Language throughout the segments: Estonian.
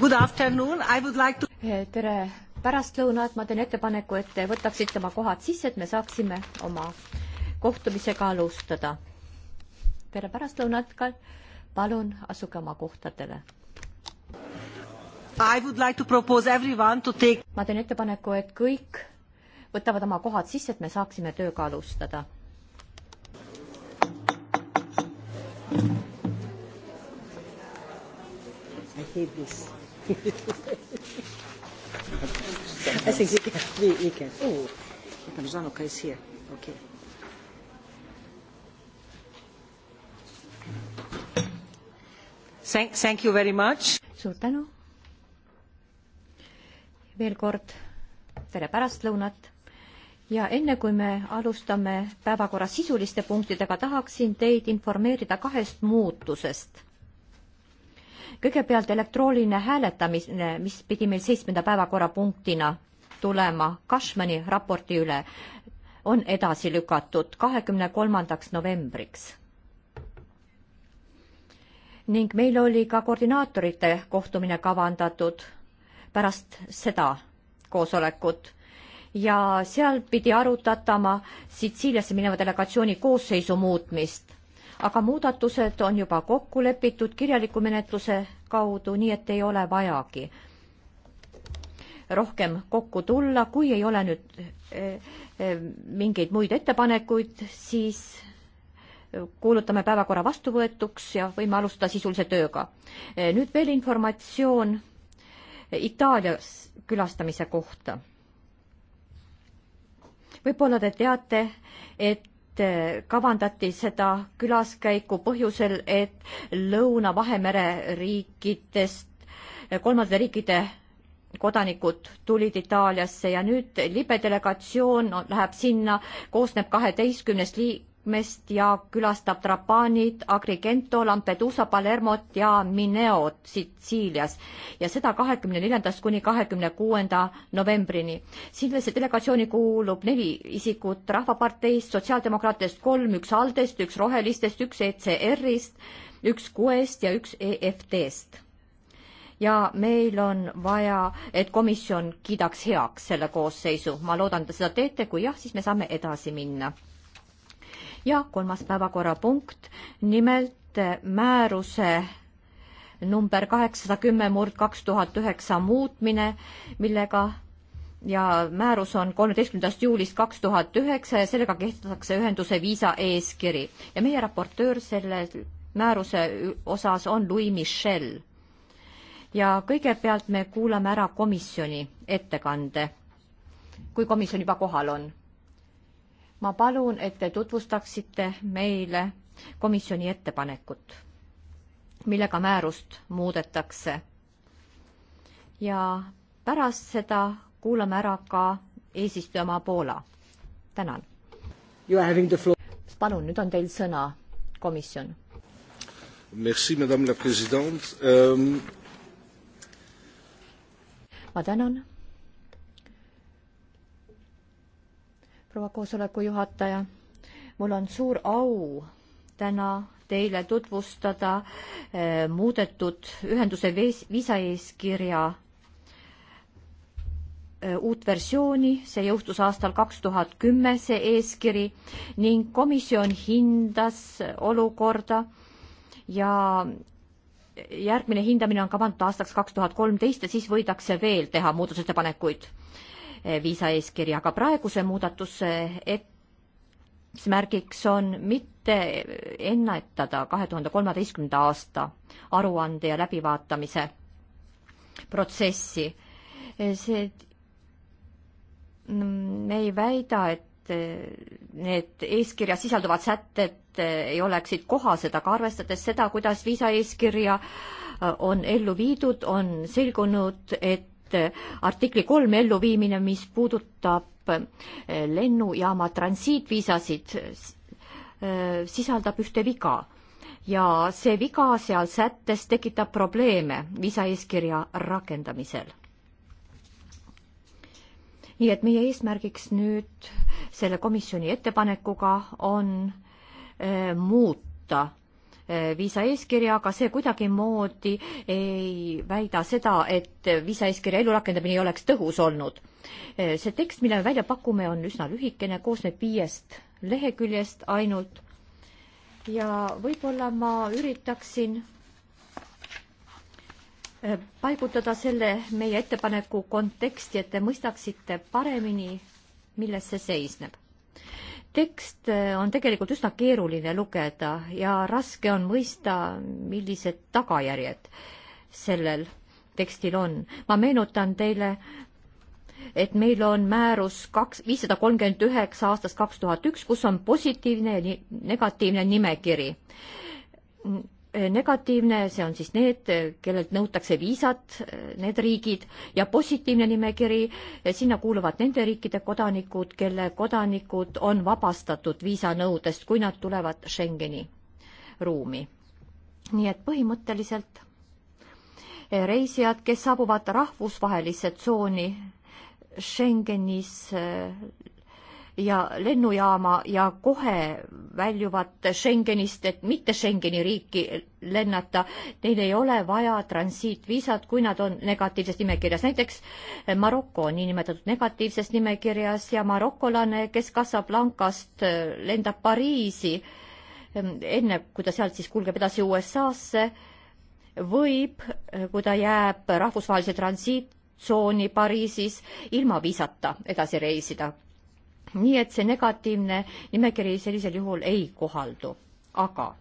Good afternoon, I would like to tere pärastlõunat, ma teen ettepaneku, et te võtaksite oma kohad sisse, et me saaksime oma kohtumisega alustada. tere pärastlõunat ka, palun asuge oma kohtadele. I would like to propose everyone to take ma teen ettepaneku, et kõik võtavad oma kohad sisse, et me saaksime tööga alustada hate this. I think you can. We, we can. Oh, Tanzanoka is here. Okay. Thank, thank you very much. suur tänu. veel kord tere pärastlõunat ja enne kui me alustame päevakorra sisuliste punktidega, tahaksin teid informeerida kahest muutusest kõigepealt elektrooniline hääletamine, mis pidi meil seitsmenda päevakorrapunktina tulema Cashmani raporti üle, on edasi lükatud kahekümne kolmandaks novembriks. ning meil oli ka koordinaatorite kohtumine kavandatud pärast seda koosolekut ja seal pidi arutatama Sitsiiliasse mineva delegatsiooni koosseisu muutmist aga muudatused on juba kokku lepitud kirjaliku menetluse kaudu, nii et ei ole vajagi rohkem kokku tulla, kui ei ole nüüd eh, eh, mingeid muid ettepanekuid, siis kuulutame päevakorra vastuvõetuks ja võime alustada sisulise tööga. Eh, nüüd veel informatsioon Itaalias külastamise kohta. võib-olla te teate, et Eh, kavandati seda külaskäiku põhjusel, et Lõuna-Vahemere riikidest, eh, kolmandate riikide kodanikud tulid Itaaliasse ja nüüd libedelegatsioon läheb sinna, koosneb kaheteistkümnest liik-, liikmest ja külastab Trapanit, Agrigento, Lampedusa, Palermot ja Mineot Sitsiilias ja seda kahekümne neljandast kuni kahekümne kuuenda novembrini. siinlase delegatsiooni kuulub neli isikut Rahvaparteist, Sotsiaaldemokraatidest kolm, üks ALDE-st, üks Rohelistest, üks ECR-ist, üks QE-st ja üks EFT-st ja meil on vaja, et komisjon kiidaks heaks selle koosseisu. ma loodan, te seda teete, kui jah, siis me saame edasi minna ja kolmas päevakorrapunkt, nimelt eh, määruse number kaheksasada kümme murd kaks tuhat üheksa muutmine, millega ja määrus on kolmeteistkümnendast juulist kaks tuhat üheksa ja sellega kehtestatakse ühenduse viisa eeskiri ja meie raportöör selle määruse osas on Louis Michel. ja kõigepealt me kuulame ära komisjoni ettekande, kui komisjon juba kohal on ma palun, et te tutvustaksite meile komisjoni ettepanekut, millega määrust muudetakse. ja pärast seda kuulame ära ka eesistujamaa Poola. tänan. palun, nüüd on teil sõna, komisjon. Merci, madame la president um.... Euh, ma tänan proua koosoleku juhataja. mul on suur au täna teile tutvustada eh, muudetud ühenduse viisaeeskirja eh, uut versiooni, see jõustus aastal kaks tuhat kümme, see eeskiri ning komisjon hindas olukorda ja järgmine hindamine on kavandatud aastaks kaks tuhat kolmteist ja siis võidakse veel teha muudatusettepanekuid Eh, viisaeeskiri, aga praeguse muudatuse eesmärgiks on mitte ennetada kahe tuhande kolmeteistkümnenda aasta aruande ja läbivaatamise protsessi. Eh, see, mm, me ei väida, et eh, need eeskirjas sisalduvad sätted ei oleksid kohased, aga arvestades seda, kuidas viisaeeskirja on ellu viidud, on selgunud, et et äh, artikli kolm elluviimine, mis puudutab äh, lennujaama transiitviisasid, äh, sisaldab ühte viga ja see viga seal sättes tekitab probleeme viisaeeskirja rakendamisel. nii et meie eesmärgiks nüüd selle komisjoni ettepanekuga on muuta Eh, viisaeeskirja, aga see kuidagimoodi ei väida seda, et viisaeeskirja elurakendamine ei oleks tõhus olnud. Eh, see tekst, mille me välja pakume, on üsna lühikene, koosneb viiest leheküljest ainult ja võib-olla ma üritaksin eh, paigutada selle meie ettepaneku konteksti, et te mõistaksite paremini, milles see seisneb tekst eh, on tegelikult üsna keeruline lugeda ja raske on mõista, millised tagajärjed sellel tekstil on. ma meenutan teile, et meil on määrus kaks, viissada kolmkümmend üheksa aastast kaks tuhat üks, kus on positiivne ja negatiivne nimekiri Eh, negatiivne, see on siis need, eh, kellelt nõutakse viisat, eh, need riigid, ja positiivne nimekiri, sinna kuuluvad nende riikide kodanikud, kelle kodanikud on vabastatud viisanõudest, kui nad tulevad Schengeni ruumi. nii et põhimõtteliselt reisijad, kes saabuvad rahvusvahelisse tsooni Schengenis ja lennujaama ja kohe väljuvad Schengenist, et mitte Schengeni riiki lennata. Neil ei ole vaja transiitviisat, kui nad on negatiivses nimekirjas. näiteks Maroko on niinimetatud negatiivses nimekirjas ja marokolane, kes Casablancast äh, lendab Pariisi, ähm, enne kui ta sealt siis kulgeb edasi USA-sse, võib, äh, kui ta jääb rahvusvahelise transiit tsooni Pariisis ilma viisata edasi reisida nii et see negatiivne nimekiri sellisel juhul ei kohaldu, aga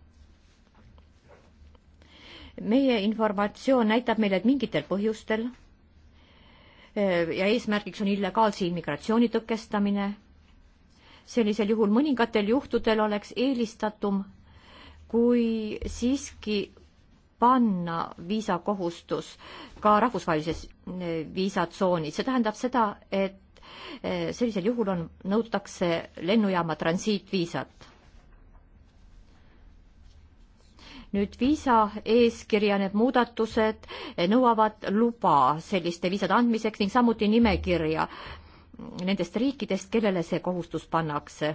meie informatsioon näitab meile, et mingitel põhjustel eh, ja eesmärgiks on illegaalse immigratsiooni tõkestamine, sellisel juhul mõningatel juhtudel oleks eelistatum, kui siiski panna viisakohustus ka rahvusvahelises eh, viisatsoonis, see tähendab seda, et Eh, sellisel juhul on, nõutakse lennujaama transiitviisat. nüüd viisa eeskirja need muudatused eh, nõuavad luba selliste viisade andmiseks ning samuti nimekirja mm, nendest riikidest, kellele see kohustus pannakse.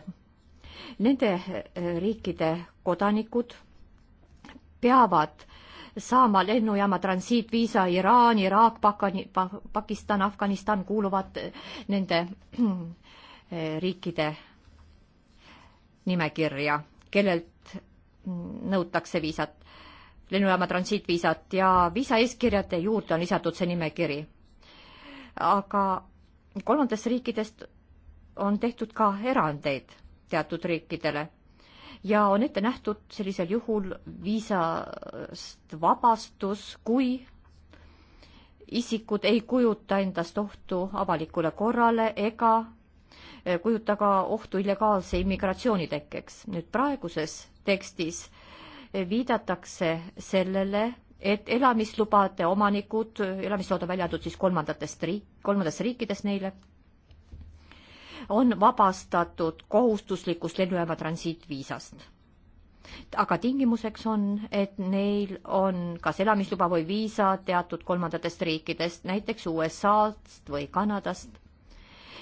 Nende eh, riikide kodanikud peavad saama lennujaama transiitviisa Iraan, Iraak, Pakistan, Afganistan kuuluvad eh, nende eh, riikide nimekirja, kellelt mm, nõutakse viisat, lennujaama transiitviisat ja viisaeeskirjade juurde on lisatud see nimekiri. aga kolmandatest riikidest on tehtud ka erandeid teatud riikidele ja on ette nähtud sellisel juhul viisast vabastus, kui isikud ei kujuta endast ohtu avalikule korrale ega eh, kujuta ka ohtu illegaalse immigratsiooni tekkeks. nüüd praeguses tekstis eh, viidatakse sellele, et elamislubade omanikud, elamisload on välja antud siis kolmandatest riik, kolmandatest riikidest neile on vabastatud kohustuslikust lennujaama transiitviisast. aga tingimuseks on, et neil on kas elamisluba või viisa teatud kolmandatest riikidest, näiteks USA-st või Kanadast.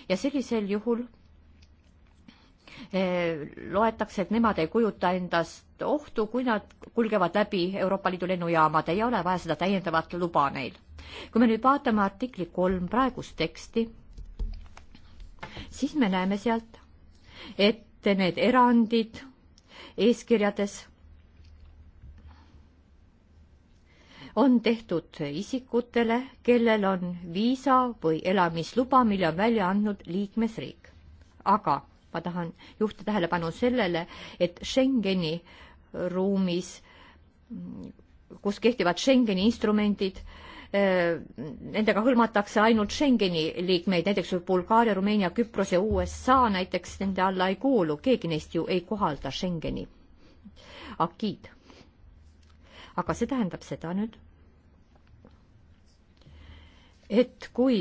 ja sellisel juhul eh, loetakse, et nemad ei kujuta endast ohtu, kui nad kulgevad läbi Euroopa Liidu lennujaamade, ei ole vaja seda täiendavat luba neil. kui me nüüd vaatame artikli kolm praegust teksti, siis me näeme sealt, et need erandid eeskirjades on tehtud isikutele, kellel on viisa või elamisluba, mille on välja andnud liikmesriik. aga ma tahan juhtida tähelepanu sellele, et Schengeni ruumis, kus kehtivad Schengeni instrumendid, Äh, nendega hõlmatakse ainult Schengeni liikmeid, näiteks Bulgaaria, Rumeenia, Küpros ja USA näiteks nende alla ei kuulu, keegi neist ju ei kohalda Schengeni akiid. aga see tähendab seda nüüd, et kui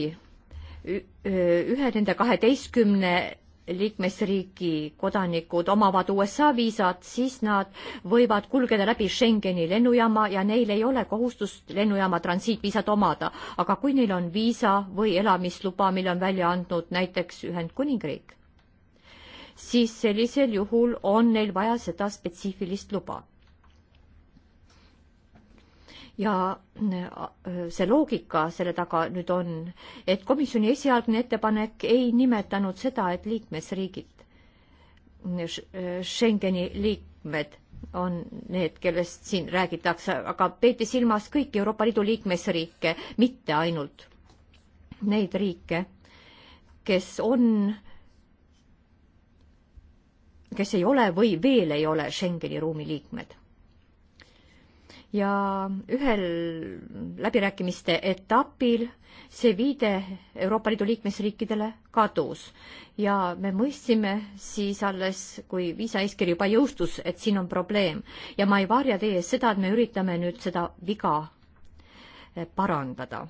ühe nende kaheteistkümne liikmesriigi kodanikud omavad USA viisat, siis nad võivad kulgeda läbi Schengeni lennujaama ja neil ei ole kohustust lennujaama transiitviisat omada. aga kui neil on viisa või elamisluba, mille on välja andnud näiteks Ühendkuningriik, siis sellisel juhul on neil vaja seda spetsiifilist luba ja äh, see loogika selle taga nüüd on, et komisjoni esialgne ettepanek ei nimetanud seda, et liikmesriigid, Schengeni liikmed on need, kellest siin räägitakse, aga peeti silmas kõiki Euroopa Liidu liikmesriike, mitte ainult neid riike, kes on, kes ei ole või veel ei ole Schengeni ruumi liikmed ja ühel läbirääkimiste etapil see viide Euroopa Liidu liikmesriikidele kadus ja me mõistsime siis alles, kui viisaeeskiri juba jõustus, et siin on probleem ja ma ei varja teie ees seda, et me üritame nüüd seda viga eh, parandada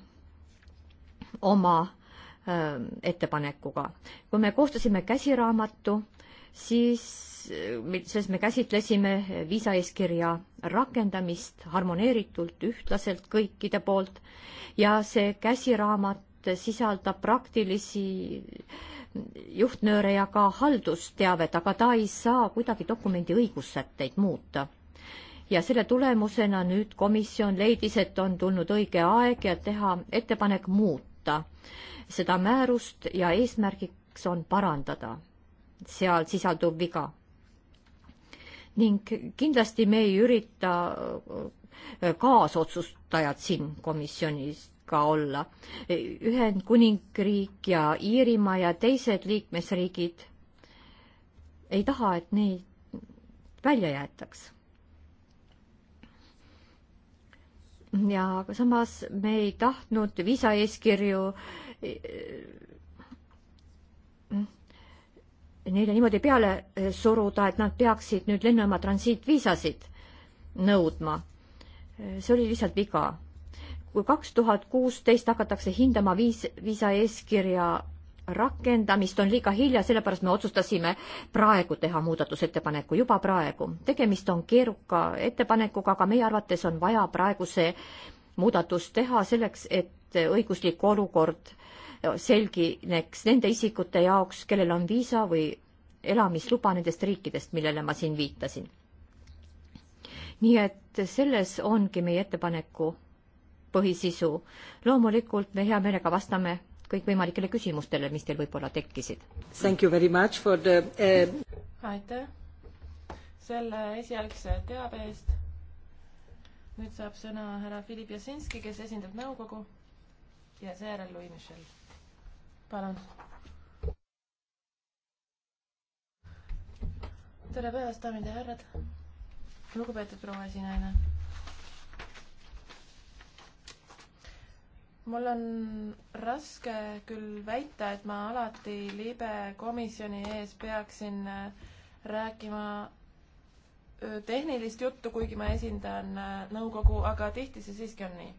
oma öö, eh, ettepanekuga. kui me koostasime käsiraamatu, siis, selles me käsitlesime viisaeeskirja rakendamist harmoneeritult, ühtlaselt kõikide poolt ja see käsiraamat sisaldab praktilisi juhtnööre ja ka haldusteavet, aga ta ei saa kuidagi dokumendi õigussätteid muuta ja selle tulemusena nüüd komisjon leidis, et on tulnud õige aeg ja teha ettepanek muuta seda määrust ja eesmärgiks on parandada seal sisalduv viga. ning kindlasti me ei ürita äh, kaasotsustajad siin komisjonis ka olla. Ühendkuningriik ja Iirimaa ja teised liikmesriigid ei taha, et neid välja jäetaks ja aga samas me ei tahtnud viisaeeskirju äh, neile niimoodi peale eh, suruda, et nad peaksid nüüd lennujaama transiitviisasid nõudma. Eh, see oli lihtsalt viga. kui kaks tuhat kuusteist hakatakse hindama viis, viisa eeskirja rakendamist on liiga hilja, sellepärast me otsustasime praegu teha muudatusettepaneku, juba praegu. tegemist on keeruka ettepanekuga, aga meie arvates on vaja praegu see muudatus teha selleks, et õiguslik olukord äh, selgineks nende isikute jaoks, kellel on viisa või elamisluba nendest riikidest, millele ma siin viitasin. nii et selles ongi meie ettepaneku põhisisu. loomulikult me hea meelega vastame kõikvõimalikele küsimustele, mis teil võib-olla tekkisid. Thank you very much for the uh... aitäh selle esialgse teabe eest. nüüd saab sõna härra Philip Jasinski, kes esindab nõukogu ja seejärel Louis Michel palun. tere päevast, daamid ja härrad. lugupeetud proua esinaine. mul on raske küll väita, et ma alati libe komisjoni ees peaksin äh, rääkima äh, tehnilist juttu, kuigi ma esindan äh, nõukogu, aga tihti see siiski on nii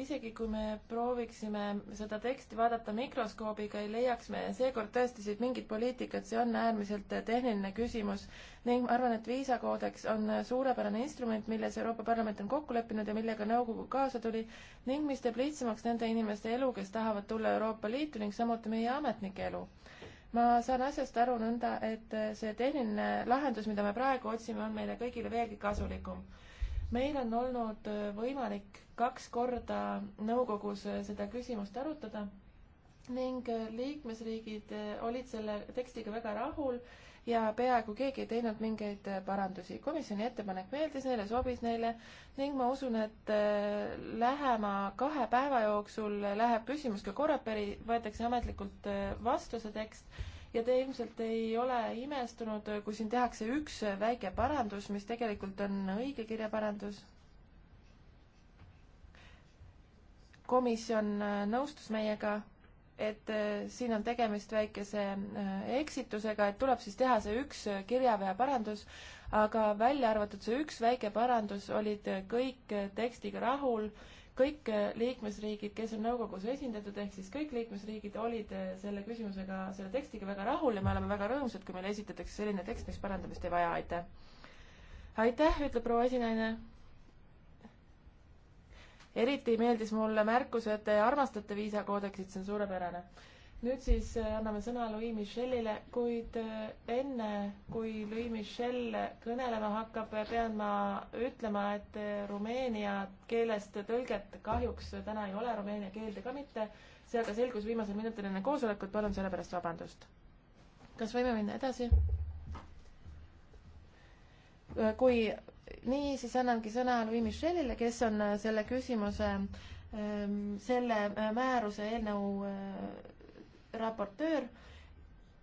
isegi kui me prooviksime seda teksti vaadata mikroskoobiga, ei leiaks me seekord tõesti siit mingit poliitikat, see on äärmiselt tehniline küsimus ning ma arvan, et viisakoodeks on suurepärane instrument, milles Euroopa Parlament on kokku leppinud ja millega nõukogu kaasa tuli ning mis teeb lihtsamaks nende inimeste elu, kes tahavad tulla Euroopa Liitu ning samuti meie ametnike elu ma saan asjast aru nõnda, et see tehniline lahendus, mida me praegu otsime, on meile kõigile veelgi kasulikum. meil on olnud võimalik kaks korda nõukogus äh, seda küsimust arutada ning äh, liikmesriigid äh, olid selle tekstiga väga rahul ja peaaegu keegi ei teinud mingeid parandusi. komisjoni ettepanek meeldis neile, sobis neile ning ma usun, et lähema kahe päeva jooksul läheb küsimus ka Coreperi, võetakse ametlikult vastu see tekst ja te ilmselt ei ole imestunud, kui siin tehakse üks väike parandus, mis tegelikult on õigekirja parandus komisjon äh, nõustus meiega, et äh, siin on tegemist väikese äh, eksitusega, et tuleb siis teha see üks kirjavea parandus, aga välja arvatud see üks väike parandus, olid kõik tekstiga rahul, kõik liikmesriigid, kes on nõukogus esindatud, ehk siis kõik liikmesriigid olid selle küsimusega, selle tekstiga väga rahul ja me oleme väga rõõmsad, kui meile esitatakse selline tekst, mis parandamist ei vaja, aitäh! aitäh, ütleb proua esinaine eriti meeldis mulle märkus, et te armastate viisakoodeksit, see on suurepärane. nüüd siis äh, anname sõna Louis Michelile, kuid äh, enne, kui Louis Michel kõnelema hakkab, pean ma ütlema, et äh, rumeenia keelest tõlget kahjuks täna ei ole, rumeenia keelde ka mitte. see aga selgus viimasel minutil enne koosolekut, palun selle pärast vabandust. kas võime minna edasi? kui niisiis annangi sõna Louis Michelile, kes on äh, selle küsimuse, ähm, selle äh, määruse eelnõu äh, raportöör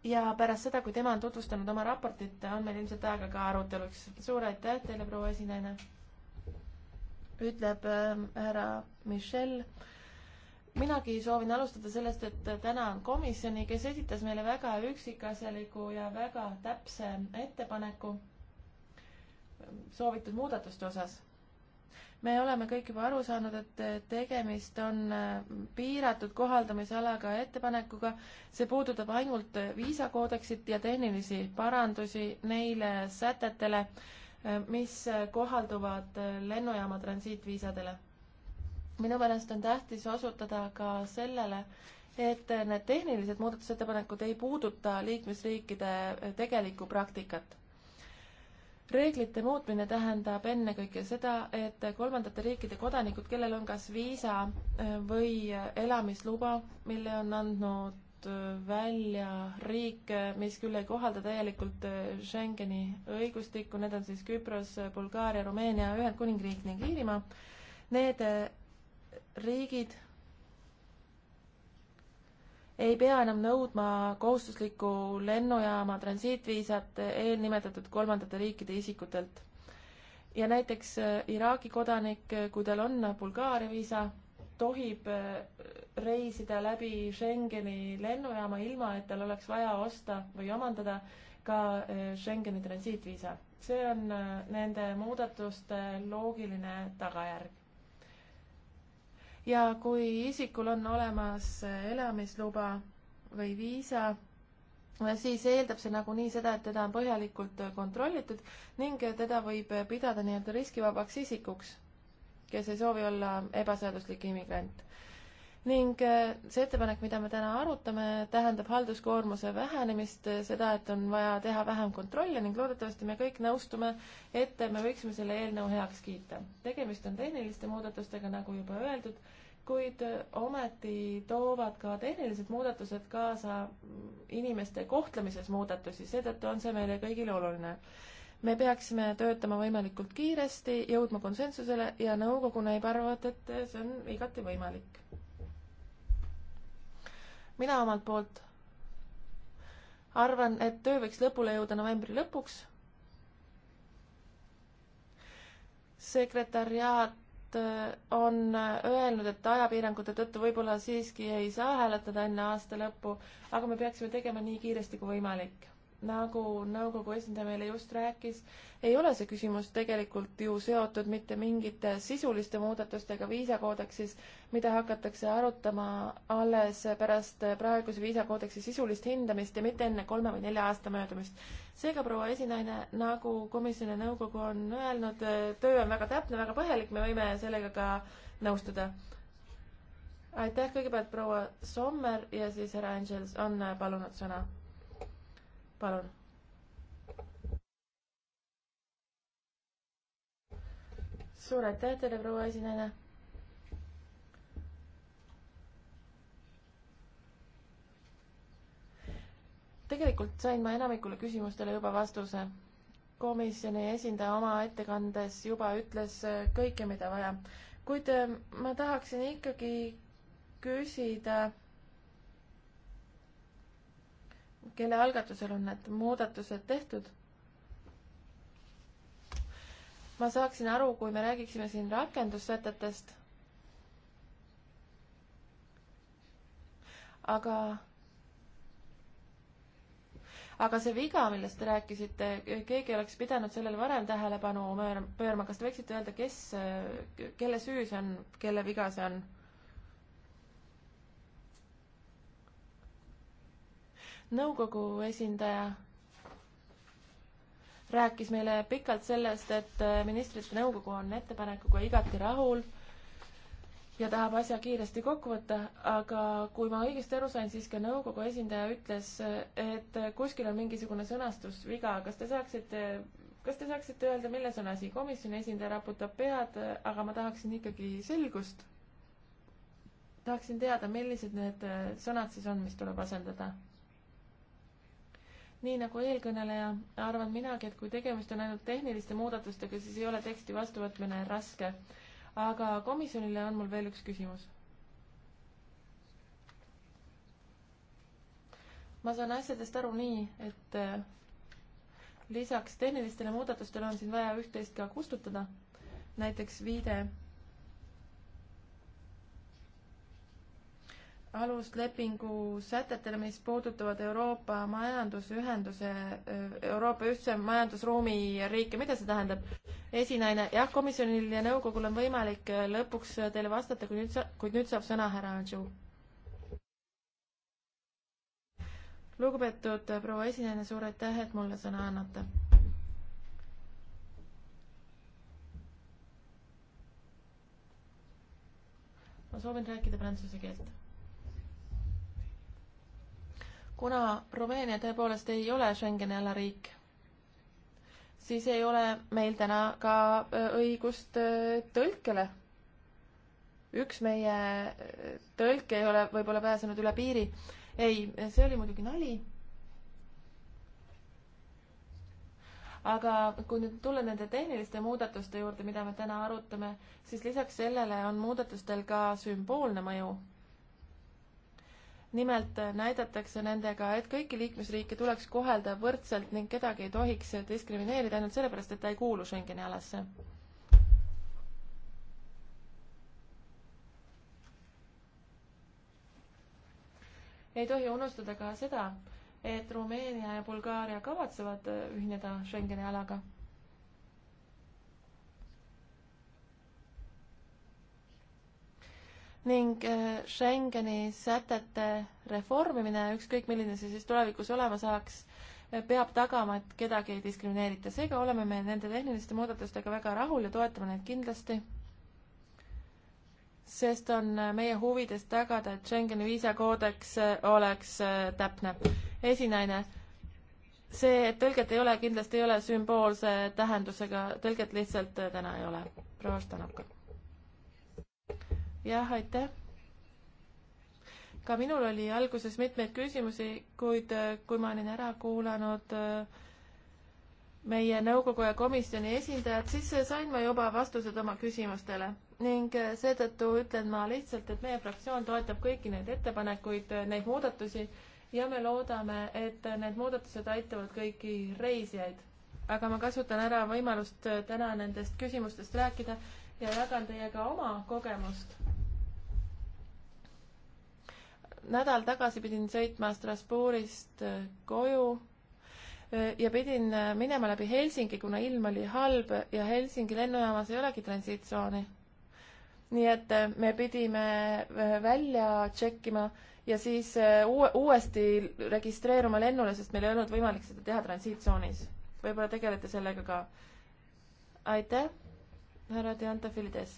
ja pärast seda, kui tema on tutvustanud oma raportit, on meil ilmselt aega ka aruteluks. suur aitäh teile, proua esinaine, ütleb ähm, härra Michel. minagi soovin alustada sellest, et tänan komisjoni, kes esitas meile väga üksikasjaliku ja väga täpse ettepaneku soovitud muudatuste osas. me oleme kõik juba aru saanud, et tegemist on äh, piiratud kohaldamisalaga ettepanekuga. see puudutab ainult viisakoodeksit ja tehnilisi parandusi neile sätetele, äh, mis kohalduvad äh, lennujaama transiitviisadele. minu meelest on tähtis osutada ka sellele, et need tehnilised muudatusettepanekud ei puuduta liikmesriikide tegelikku praktikat reeglite muutmine tähendab ennekõike seda, et kolmandate riikide kodanikud, kellel on kas viisa äh, või äh, elamisluba, mille on andnud äh, välja riik, mis küll ei kohalda täielikult Schengeni õigustikku, need on siis Küpros, Bulgaaria, Rumeenia, Ühendkuningriik ning Iirimaa, need riigid ei pea enam nõudma kohustuslikku lennujaama transiitviisat eelnimetatud kolmandate riikide isikutelt. ja näiteks äh, Iraagi kodanik, äh, kui tal on Bulgaaria viisa, tohib äh, reisida läbi Schengeni lennujaama, ilma et tal oleks vaja osta või omandada ka Schengeni transiitviisa. see on nende muudatuste loogiline tagajärg ja kui isikul on olemas elamisluba või viisa, siis eeldab see nagunii seda, et teda on põhjalikult kontrollitud ning teda võib pidada nii-öelda riskivabaks isikuks, kes ei soovi olla ebaseaduslik immigrant. ning see ettepanek, mida me täna arutame, tähendab halduskoormuse vähenemist, seda, et on vaja teha vähem kontrolle ning loodetavasti me kõik nõustume, et me võiksime selle eelnõu heaks kiita. tegemist on tehniliste muudatustega, nagu juba öeldud kuid äh, ometi toovad ka tehnilised muudatused kaasa mm, inimeste kohtlemises muudatusi, seetõttu on see meile kõigile oluline. me peaksime töötama võimalikult kiiresti, jõudma konsensusele ja nõukogu näib arvavat, et see on igati võimalik. mina omalt poolt arvan, et töö võiks lõpule jõuda novembri lõpuks. sekretäriaat Äh, on äh, öelnud, et ajapiirangute tõttu võib-olla siiski ei saa hääletada enne aasta lõppu, aga me peaksime tegema nii kiiresti kui võimalik nagu nõukogu esindaja meile just rääkis, ei ole see küsimus tegelikult ju seotud mitte mingite sisuliste muudatustega viisakoodeksis, mida hakatakse arutama alles pärast praeguse viisakoodeksi sisulist hindamist ja mitte enne kolme või nelja aasta möödumist. seega, proua esinaine, nagu komisjon ja nõukogu on öelnud, töö on väga täpne, väga põhjalik, me võime sellega ka nõustuda. aitäh kõigepealt proua Sommer ja siis härra Angels on palunud sõna palun. suur aitäh teile, proua esinaine. tegelikult sain ma enamikule küsimustele juba vastuse. komisjoni esindaja oma ettekandes juba ütles kõike, mida vaja, kuid ma tahaksin ikkagi küsida kelle algatusel on need muudatused tehtud. ma saaksin aru, kui me räägiksime siin rakendussätetest. aga, aga see viga, millest te rääkisite, keegi oleks pidanud sellele varem tähelepanu pöörama, kas te võiksite öelda, kes, kelle süü see on, kelle viga see on? nõukogu esindaja rääkis meile pikalt sellest, et äh, ministrite nõukogu on ettepanekuga igati rahul ja tahab asja kiiresti kokku võtta, aga kui ma õigesti aru sain, siis ka nõukogu esindaja ütles, äh, et kuskil on mingisugune sõnastusviga, kas te saaksite, kas te saaksite öelda, milles on asi? komisjoni esindaja raputab pead, aga ma tahaksin ikkagi selgust. tahaksin teada, millised need äh, sõnad siis on, mis tuleb asendada nii nagu eelkõneleja, arvan minagi, et kui tegemist on ainult tehniliste muudatustega, siis ei ole teksti vastuvõtmine raske. aga komisjonile on mul veel üks küsimus. ma saan asjadest aru nii, et eh, lisaks tehnilistele muudatustele on siin vaja üht-teist ka kustutada, näiteks viide aluslepingu sätetele, mis puudutavad Euroopa majandusühenduse, Euroopa ühtse majandusruumi riike, mida see tähendab? esinaine, jah, komisjonil ja nõukogul on võimalik lõpuks teile vastata, kui nüüd sa-, kuid nüüd saab sõna härra Anžu. lugupeetud proua esinaine, suur aitäh, et mulle sõna annate. ma soovin rääkida prantsuse keelt kuna Rumeenia tõepoolest ei ole Schengeni ala riik, siis ei ole meil täna ka äh, õigust äh, tõlkele. üks meie äh, tõlk ei ole võib-olla pääsenud üle piiri. ei, see oli muidugi nali. aga kui nüüd tulla nende tehniliste muudatuste juurde, mida me täna arutame, siis lisaks sellele on muudatustel ka sümboolne mõju nimelt näidatakse nendega, et kõiki liikmesriike tuleks kohelda võrdselt ning kedagi ei tohiks diskrimineerida ainult sellepärast, et ta ei kuulu Schengeni alasse. ei tohi unustada ka seda, et Rumeenia ja Bulgaaria kavatsevad ühineda Schengeni alaga ning äh, Schengeni sätete reformimine, ükskõik milline see siis tulevikus olema saaks, äh, peab tagama, et kedagi ei diskrimineerita. seega oleme me nende tehniliste muudatustega väga rahul ja toetame neid kindlasti, sest on äh, meie huvides tagada, et Schengeni viisakoodeks oleks täpne. esinaine, see, et tõlget ei ole, kindlasti ei ole sümboolse tähendusega, tõlget lihtsalt täna ei ole. proua Stanoka jah, aitäh! ka minul oli alguses mitmeid küsimusi, kuid äh, kui ma olin ära kuulanud äh, meie nõukogu ja komisjoni esindajad, siis äh, sain ma juba vastused oma küsimustele ning seetõttu ütlen ma lihtsalt, et meie fraktsioon toetab kõiki neid ettepanekuid, neid muudatusi ja me loodame, et need muudatused aitavad kõiki reisijaid. aga ma kasutan ära võimalust täna nendest küsimustest rääkida ja jagan teiega oma kogemust. nädal tagasi pidin sõitma Strasbourgist äh, koju äh, ja pidin äh, minema läbi Helsingi, kuna ilm oli halb ja Helsingi lennujaamas ei olegi transiitsooni. nii et me pidime välja tšekkima ja siis uue, uuesti registreeruma lennule, sest meil ei olnud võimalik seda teha transiitsoonis. võib-olla tegelete sellega ka? aitäh! härra Deantafilides.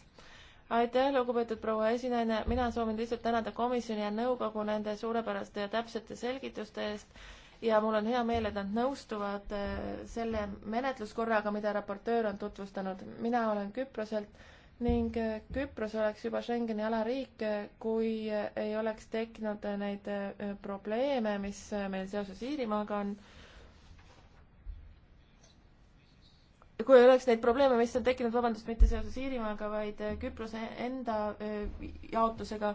aitäh, lugupeetud proua esinaine, mina soovin lihtsalt tänada komisjoni ja nõukogu nende suurepäraste ja täpsete selgituste eest ja mul on hea meel, et nad nõustuvad äh, selle menetluskorraga, mida raportöör on tutvustanud. mina olen Küproselt ning äh, Küpros oleks juba Schengeni alariik, äh, kui ei oleks tekkinud neid probleeme, mis meil seoses Iirimaaga on kui oleks neid probleeme, mis on tekkinud, vabandust, mitte seoses Iirimaaga, vaid äh, Küprose enda äh, jaotusega,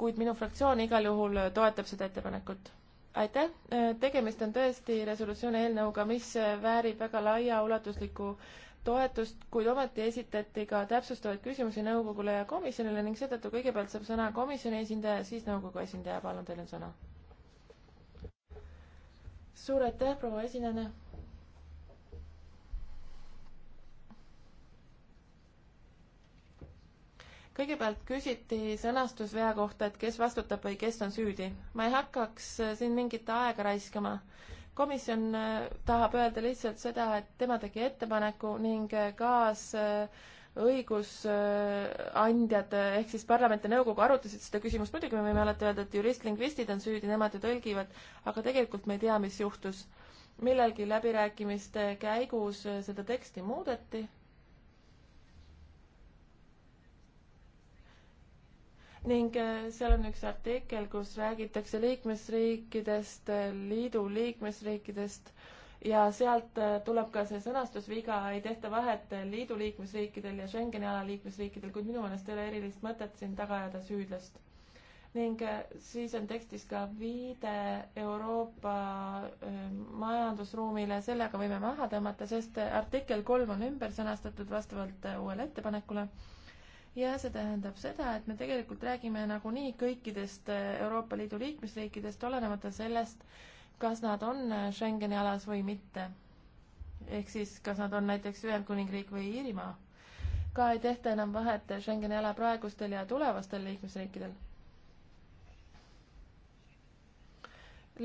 kuid minu fraktsioon igal juhul äh, toetab seda ettepanekut. aitäh, tegemist on tõesti resolutsiooni eelnõuga, mis väärib väga laiaulatuslikku toetust, kuid ometi esitati ka täpsustavaid küsimusi nõukogule ja komisjonile ning seetõttu kõigepealt saab sõna komisjoni esindaja, siis nõukogu esindaja, palun, teil on sõna. suur aitäh, proua esinejana kõigepealt küsiti sõnastusvea kohta, et kes vastutab või kes on süüdi. ma ei hakkaks äh, siin mingit aega raiskama. komisjon äh, tahab öelda lihtsalt seda, et tema tegi ettepaneku ning äh, kaas õigusandjad ehk siis parlament ja nõukogu arutasid seda küsimust, muidugi me võime alati öelda, et jurist-lingvistid on süüdi, nemad ju tõlgivad, aga tegelikult me ei tea, mis juhtus. millalgi läbirääkimiste käigus seda teksti muudeti ning äh, seal on üks artikkel, kus räägitakse liikmesriikidest, äh, liidu liikmesriikidest ja sealt äh, tuleb ka see sõnastusviga, ei tehta vahet liidu liikmesriikidel ja Schengeni ala liikmesriikidel, kuid minu meelest ei ole erilist mõtet siin taga ajada süüdlast. ning siis on tekstis ka viide Euroopa majandusruumile, sellega võime maha tõmmata, sest artikkel kolm on ümber sõnastatud vastavalt uuele ettepanekule ja see tähendab seda, et me tegelikult räägime nagunii kõikidest äh, Euroopa Liidu liikmesriikidest, olenemata sellest, kas nad on äh, Schengeni alas või mitte. ehk siis, kas nad on näiteks Ühendkuningriik või Iirimaa. ka ei tehta enam vahet Schengeni ala praegustel ja tulevastel liikmesriikidel.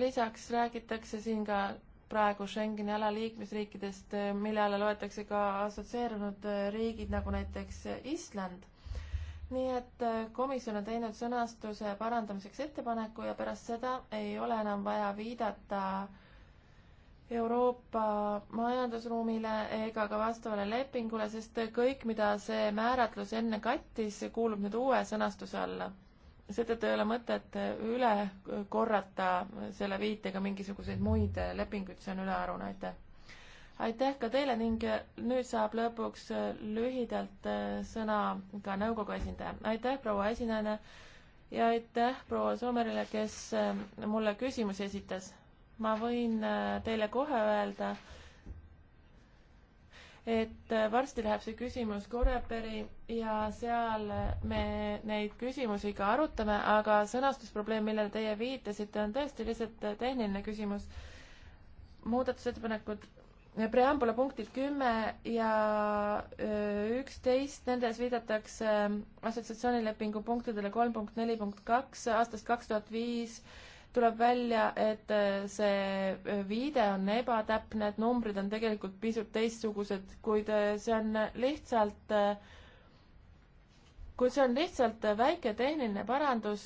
lisaks räägitakse siin ka praegu Schengeni ala liikmesriikidest, äh, mille alla loetakse ka assotsieerunud riigid, nagu näiteks Island nii et äh, komisjon on teinud sõnastuse parandamiseks ettepaneku ja pärast seda ei ole enam vaja viidata Euroopa majandusruumile ega ka vastavale lepingule, sest kõik, mida see määratlus enne kattis, kuulub nüüd uue sõnastuse alla. seetõttu ei ole mõtet üle korrata selle viitega mingisuguseid muid lepinguid, see on ülearune, aitäh aitäh ka teile ning nüüd saab lõpuks äh, lühidalt äh, sõna ka nõukogu esindaja. aitäh, proua esinejana ja aitäh proua Soomerile, kes äh, mulle küsimusi esitas. ma võin teile kohe öelda, et varsti läheb see küsimus Koreperi ja seal me neid küsimusi ka arutame, aga sõnastusprobleem, millele teie viitasite, on tõesti lihtsalt tehniline küsimus. muudatusettepanekud preambula punktid kümme ja üksteist, nendes viidatakse assotsiatsioonilepingu punktidele kolm punkt neli punkt kaks aastast kaks tuhat viis tuleb välja, et see viide on ebatäpne, et numbrid on tegelikult pisut teistsugused, kuid see on lihtsalt äh, kuid see on lihtsalt väike tehniline parandus.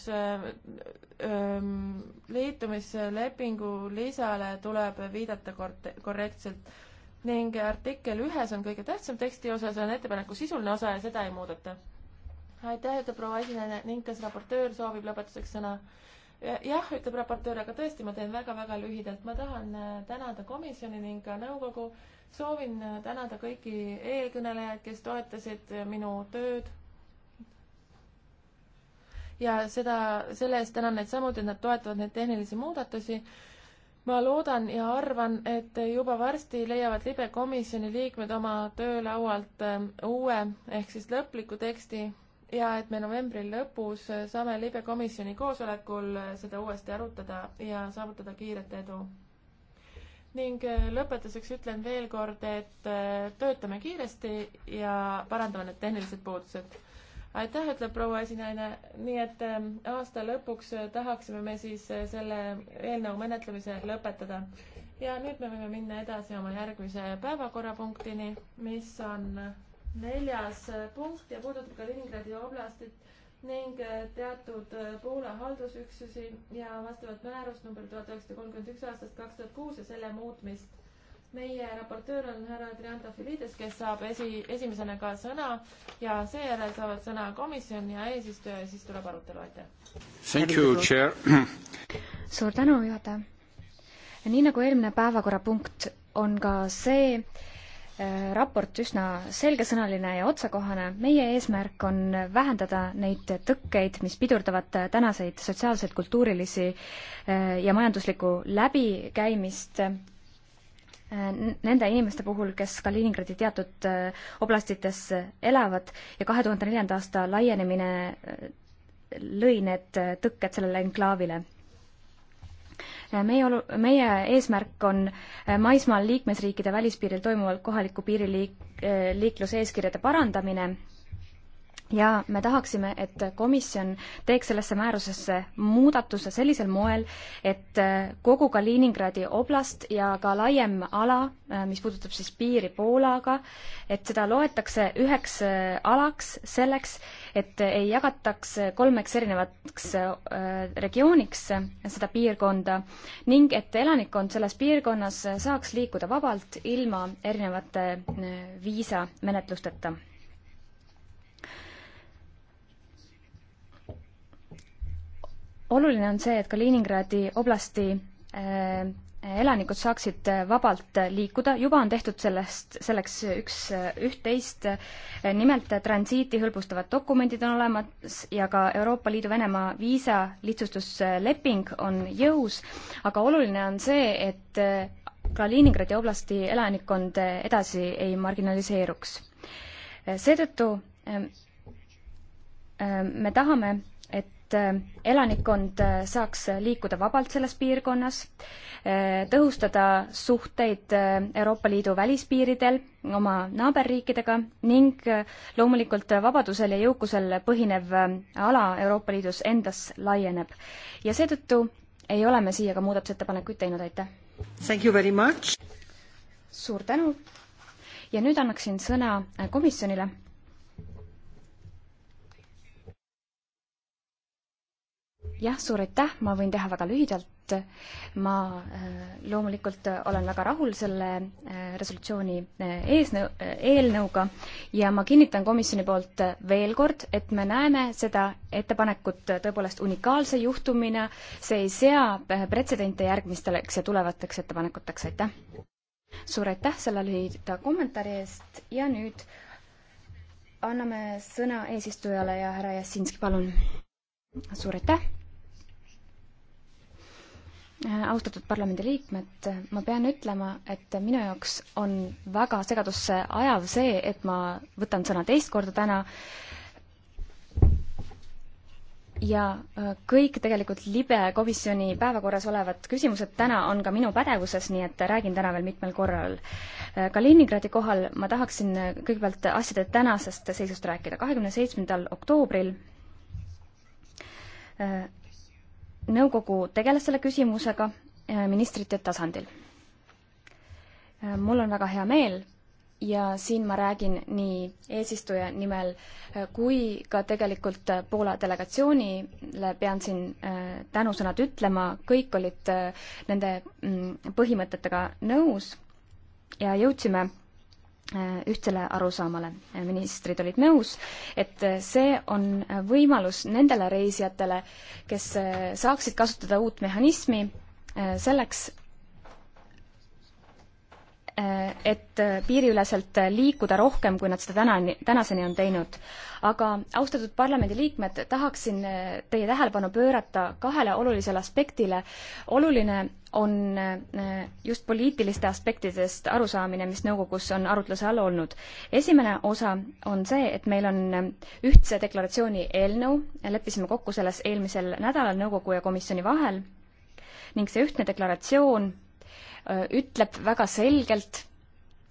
liitumislepingu lisale tuleb viidata korrektselt ning artikkel ühes on kõige tähtsam teksti osa, see on ettepaneku sisuline osa ja seda ei muudeta. aitäh, ütleb proua esinejana ning kas raportöör soovib lõpetuseks sõna? jah, ütleb raportöör, aga tõesti, ma teen väga-väga lühidalt. ma tahan äh, tänada komisjoni ning ka nõukogu. soovin äh, tänada kõiki eelkõnelejaid, kes toetasid äh, minu tööd ja seda, selle eest tänan neid samuti, et nad toetavad neid tehnilisi muudatusi. ma loodan ja arvan, et juba varsti leiavad libe komisjoni liikmed oma töölaualt ähm, uue ehk siis lõpliku teksti ja et me novembri lõpus saame libe komisjoni koosolekul seda uuesti arutada ja saavutada kiiret edu ning äh, lõpetuseks ütlen veel kord, et äh, töötame kiiresti ja parandame need tehnilised puudused aitäh, ütleb proua esinaine, nii et ähm, aasta lõpuks äh, tahaksime me siis äh, selle eelnõu menetlemise lõpetada. ja nüüd me võime minna edasi oma järgmise päevakorrapunktini, mis on äh, neljas punkt ja puudutab Kaliningradi oblastit ning teatud Poola haldusüksusi ja vastavat määrust number tuhat üheksasada kolmkümmend üks aastast kaks tuhat kuus ja selle muutmist meie raportöör on härra Triantafilides, kes saab esi, esimesena ka sõna ja seejärel saavad sõna komisjon ja eesistuja ja siis tuleb arutelu, aitäh! suur tänu, juhataja! nii nagu eelmine päevakorrapunkt, on ka see äh, raport üsna selgesõnaline ja otsekohane. meie eesmärk on vähendada neid tõkkeid, mis pidurdavad tänaseid sotsiaalseid, kultuurilisi äh, ja majanduslikku läbikäimist Äh, nende inimeste puhul, kes Kaliningradi teatud äh, oblastites äh, elavad ja kahe tuhande neljanda aasta laienemine lõi need tõkked sellele enklaavile. meie olu, meie eesmärk on maismaal liikmesriikide välispiiril toimuvalt kohaliku piiriliik-, liikluseeskirjade parandamine ja me tahaksime, et komisjon teeks sellesse määrusesse muudatuse sellisel moel, et kogu Kaliningradi oblast ja ka laiem ala, mis puudutab siis piiri Poolaga, et seda loetakse üheks alaks selleks, et ei jagataks kolmeks erinevaks äh, regiooniks seda piirkonda ning et elanikkond selles piirkonnas saaks liikuda vabalt ilma erinevate äh, viisamenetlusteta oluline on see, et Kaliningradi oblasti äh, elanikud saaksid äh, vabalt äh, liikuda, juba on tehtud sellest, selleks üks, üht-teist, nimelt transiiti hõlbustavad dokumendid on olemas ja ka Euroopa Liidu Venemaa viisa lihtsustusleping on jõus, aga oluline on see, et Kaliningradi oblasti elanikkond edasi ei marginaliseeruks. seetõttu me tahame et äh, elanikkond äh, saaks liikuda vabalt selles piirkonnas, äh, tõhustada suhteid Euroopa Liidu välispiiridel oma naaberriikidega ning loomulikult vabadusel ja jõukusel põhinev ala Euroopa Liidus endas laieneb. ja seetõttu ei ole me siia ka muudatusettepanekuid teinud, aitäh! Thank you very much! suur tänu! ja nüüd annaksin sõna komisjonile jah, suur aitäh, ma võin teha väga lühidalt. ma äh, loomulikult olen väga rahul selle äh, resolutsiooni äh, eesnõu, eelnõuga ja ma kinnitan komisjoni poolt veel kord, et me näeme seda ettepanekut tõepoolest unikaalse juhtumina, see ei sea pretsedente järgmisteleks ja tulevateks ettepanekuteks, aitäh! suur aitäh selle lühida kommentaari eest ja nüüd anname sõna eesistujale ja härra Jassinski, palun! suur aitäh! austatud parlamendiliikmed, ma pean ütlema, et minu jaoks on väga segadusse ajav see, et ma võtan sõna teist korda täna ja äh, kõik tegelikult libe komisjoni päevakorras olevad küsimused täna on ka minu pädevuses, nii et räägin täna veel mitmel korral. Äh, Kaliningradi kohal ma tahaksin äh, kõigepealt asjade tänasest seisust rääkida. kahekümne seitsmendal oktoobril nõukogu tegeles selle küsimusega äh, ministrite tasandil. Äh, mul on väga hea meel ja siin ma räägin nii eesistuja nimel äh, kui ka tegelikult Poola delegatsioonile pean siin tänusõnad ütlema, kõik olid nende mm, põhimõtetega nõus ja jõudsime Äh, ühtsele arusaamale. ministrid olid nõus, et see on võimalus nendele reisijatele, kes äh, saaksid kasutada uut mehhanismi äh, selleks, Äh, et äh, piiriüleselt äh, liikuda rohkem, kui nad seda täna, tänaseni on teinud. aga austatud parlamendiliikmed, tahaksin teie tähelepanu pöörata kahele olulisele aspektile. oluline on just poliitiliste aspektidest arusaamine, mis nõukogus on arutluse all olnud. esimene osa on see, et meil on ühtse deklaratsiooni eelnõu, leppisime kokku selles eelmisel nädalal nõukogu ja komisjoni vahel ning see ühtne deklaratsioon ütleb väga selgelt,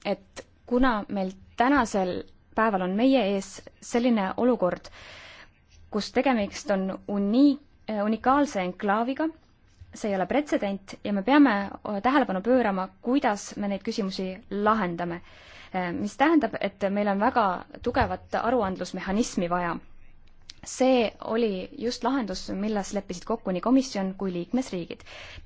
et kuna meil tänasel päeval on meie ees selline olukord, kus tegemist on uni-, unikaalse enklaaviga, see ei ole pretsedent ja me peame tähelepanu pöörama, kuidas me neid küsimusi lahendame. mis tähendab, et meil on väga tugevat aruandlusmehhanismi vaja see oli just lahendus, milles leppisid kokku nii komisjon kui liikmesriigid.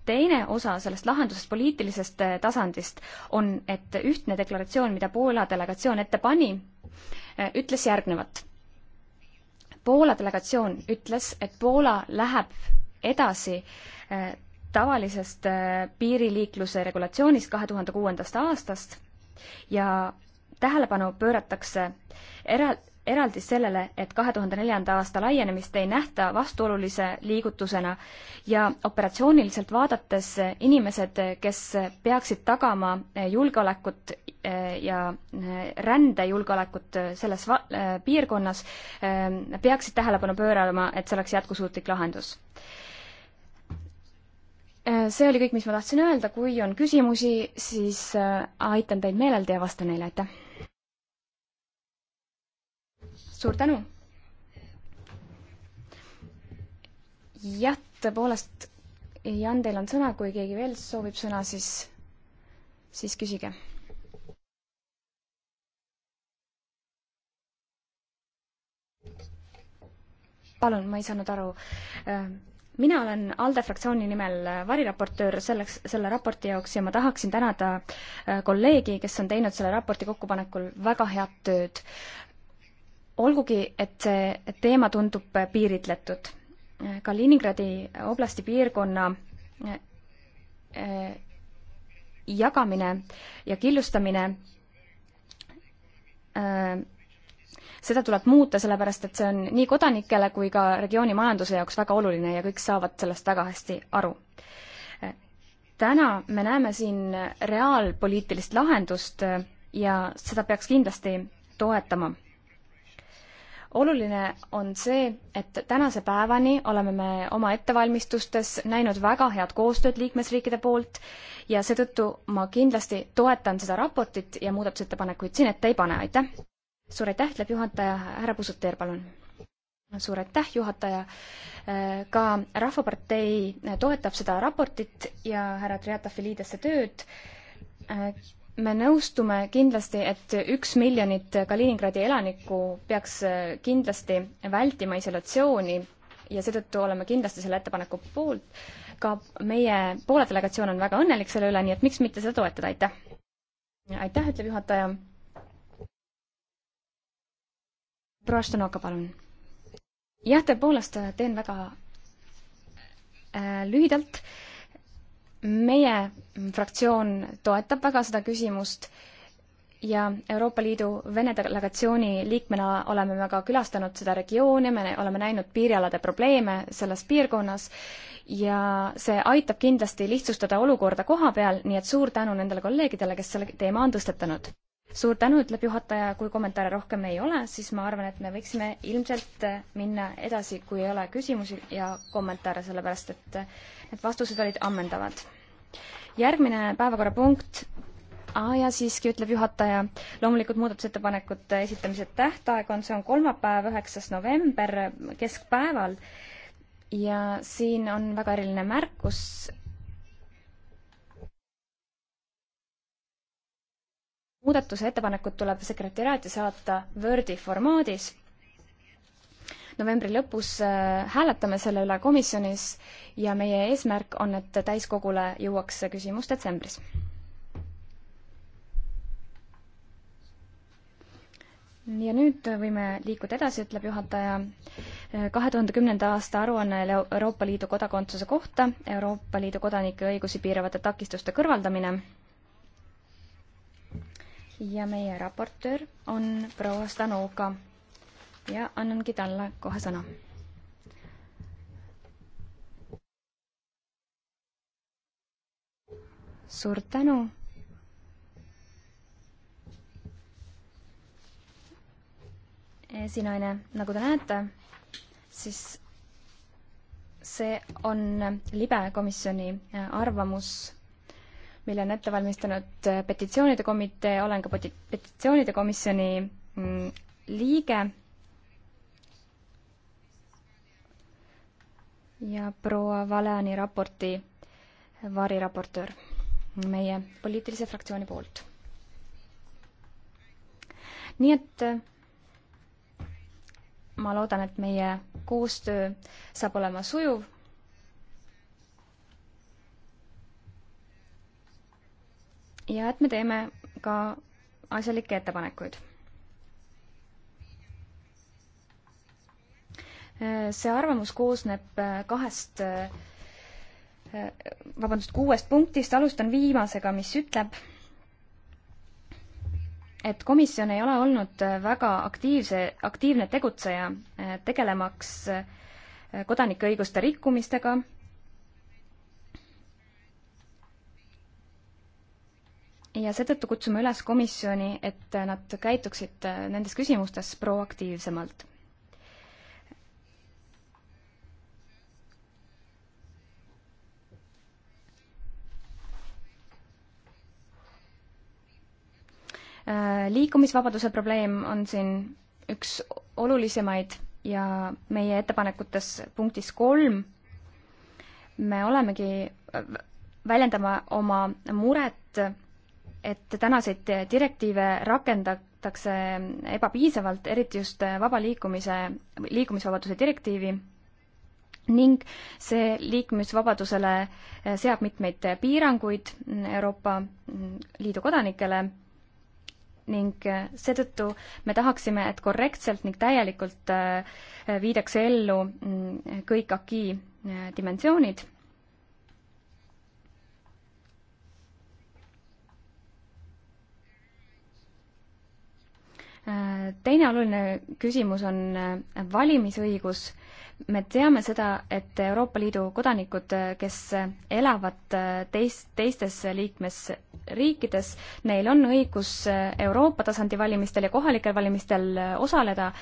teine osa sellest lahendusest poliitilisest eh, tasandist on, et ühtne deklaratsioon, mida Poola delegatsioon ette pani, eh, ütles järgnevat. Poola delegatsioon ütles, et Poola läheb edasi eh, tavalisest piiriliikluse regulatsioonist kahe tuhande kuuendast aastast ja tähelepanu pööratakse era-, eraldis sellele, et kahe tuhande neljanda aasta laienemist ei nähta vastuolulise liigutusena ja operatsiooniliselt vaadates inimesed, kes peaksid tagama eh, julgeolekut eh, ja eh, rändejulgeolekut selles piirkonnas, peaksid tähelepanu pöörama, et see oleks jätkusuutlik lahendus see oli kõik, mis ma tahtsin öelda, kui on küsimusi, siis aitan teid meeleldi ja vastan neile, aitäh! suur tänu! jah, tõepoolest, Jan, teil on sõna, kui keegi veel soovib sõna, siis, siis küsige palun, ma ei saanud aru. mina olen ALDE fraktsiooni nimel variraportöör selleks, selle raporti jaoks ja ma tahaksin tänada kolleegi, kes on teinud selle raporti kokkupanekul väga head tööd olgugi, et see teema tundub piiritletud. Kaliningradi oblasti piirkonna eh, eh, jagamine ja killustamine, eh, seda tuleb muuta, sellepärast et see on nii kodanikele kui ka regiooni majanduse jaoks väga oluline ja kõik saavad sellest väga hästi aru. täna me näeme siin reaalpoliitilist lahendust ja seda peaks kindlasti toetama oluline on see, et tänase päevani oleme me oma ettevalmistustes näinud väga head koostööd liikmesriikide poolt ja seetõttu ma kindlasti toetan seda raportit ja muudatusettepanekuid siin ette ei pane, aitäh! suur aitäh, ütleb juhataja, härra Pusuteer, palun! suur aitäh, juhataja! ka Rahvapartei toetab seda raportit ja härra Triatafilidese tööd me nõustume kindlasti, et üks miljonit Kaliningradi elanikku peaks kindlasti vältima isolatsiooni ja seetõttu oleme kindlasti selle ettepaneku poolt. ka meie Poola delegatsioon on väga õnnelik selle üle, nii et miks mitte seda toetada, aitäh! aitäh, ütleb juhataja. proua Štenoka, palun. jah, tõepoolest teen väga äh, lühidalt äh, meie fraktsioon toetab väga seda küsimust ja Euroopa Liidu Vene delegatsiooni liikmena oleme me ka külastanud seda regiooni, me oleme näinud piirialade probleeme selles piirkonnas ja see aitab kindlasti lihtsustada olukorda koha peal, nii et suur tänu nendele kolleegidele, kes selle teema on tõstetanud suur tänu, ütleb juhataja, kui kommentaare rohkem ei ole, siis ma arvan, et me võiksime ilmselt minna edasi, kui ei ole küsimusi ja kommentaare, sellepärast et need vastused olid ammendavad. järgmine päevakorrapunkt ah,. ja siiski, ütleb juhataja, loomulikult muudatusettepanekute esitamise tähtaeg on, see on kolmapäev, üheksas november keskpäeval. ja siin on väga eriline märkus muudatusettepanekud tuleb sekretäriaati saata Wordi formaadis. novembri lõpus äh, hääletame selle üle komisjonis ja meie eesmärk on, et täiskogule jõuaks see küsimus detsembris. ja nüüd võime liikuda edasi, ütleb juhataja. Äh, kahe tuhande kümnenda aasta aruanne Euroopa Liidu kodakondsuse kohta, Euroopa Liidu kodanike õigusi piiravate takistuste kõrvaldamine ja meie raportöör on proua Stanoka ja annangi talle kohe sõna. suur tänu. esinaine, nagu te näete, siis see on libe komisjoni arvamus mille on ette valmistanud äh, petitsioonide komitee, olen ka petitsioonide komisjoni mm, liige. ja proua Valeani raporti äh, variraportöör meie poliitilise fraktsiooni poolt. nii et äh, ma loodan, et meie koostöö saab olema sujuv ja et me teeme ka asjalikke ettepanekuid. see arvamus koosneb kahest, vabandust, kuuest punktist, alustan viimasega, mis ütleb, et komisjon ei ole olnud väga aktiivse, aktiivne tegutseja, tegelemaks kodanikeõiguste rikkumistega ja seetõttu kutsume üles komisjoni, et nad käituksid äh, nendes küsimustes proaktiivsemalt. Äh, liikumisvabaduse probleem on siin üks olulisemaid ja meie ettepanekutes punktis kolm me olemegi äh, väljendama oma muret et tänaseid direktiive rakendatakse ebapiisavalt, eriti just vaba liikumise, liikumisvabaduse direktiivi ning see liikumisvabadusele eh, seab mitmeid piiranguid Euroopa mm, Liidu kodanikele ning eh, seetõttu me tahaksime, et korrektselt ning täielikult eh, viidakse ellu mm, kõik AKI dimensioonid teine oluline küsimus on äh, valimisõigus. me teame seda, et Euroopa Liidu kodanikud, äh, kes äh, elavad teist, teistes liikmesriikides, neil on õigus Euroopa tasandi valimistel ja kohalikel valimistel osaleda,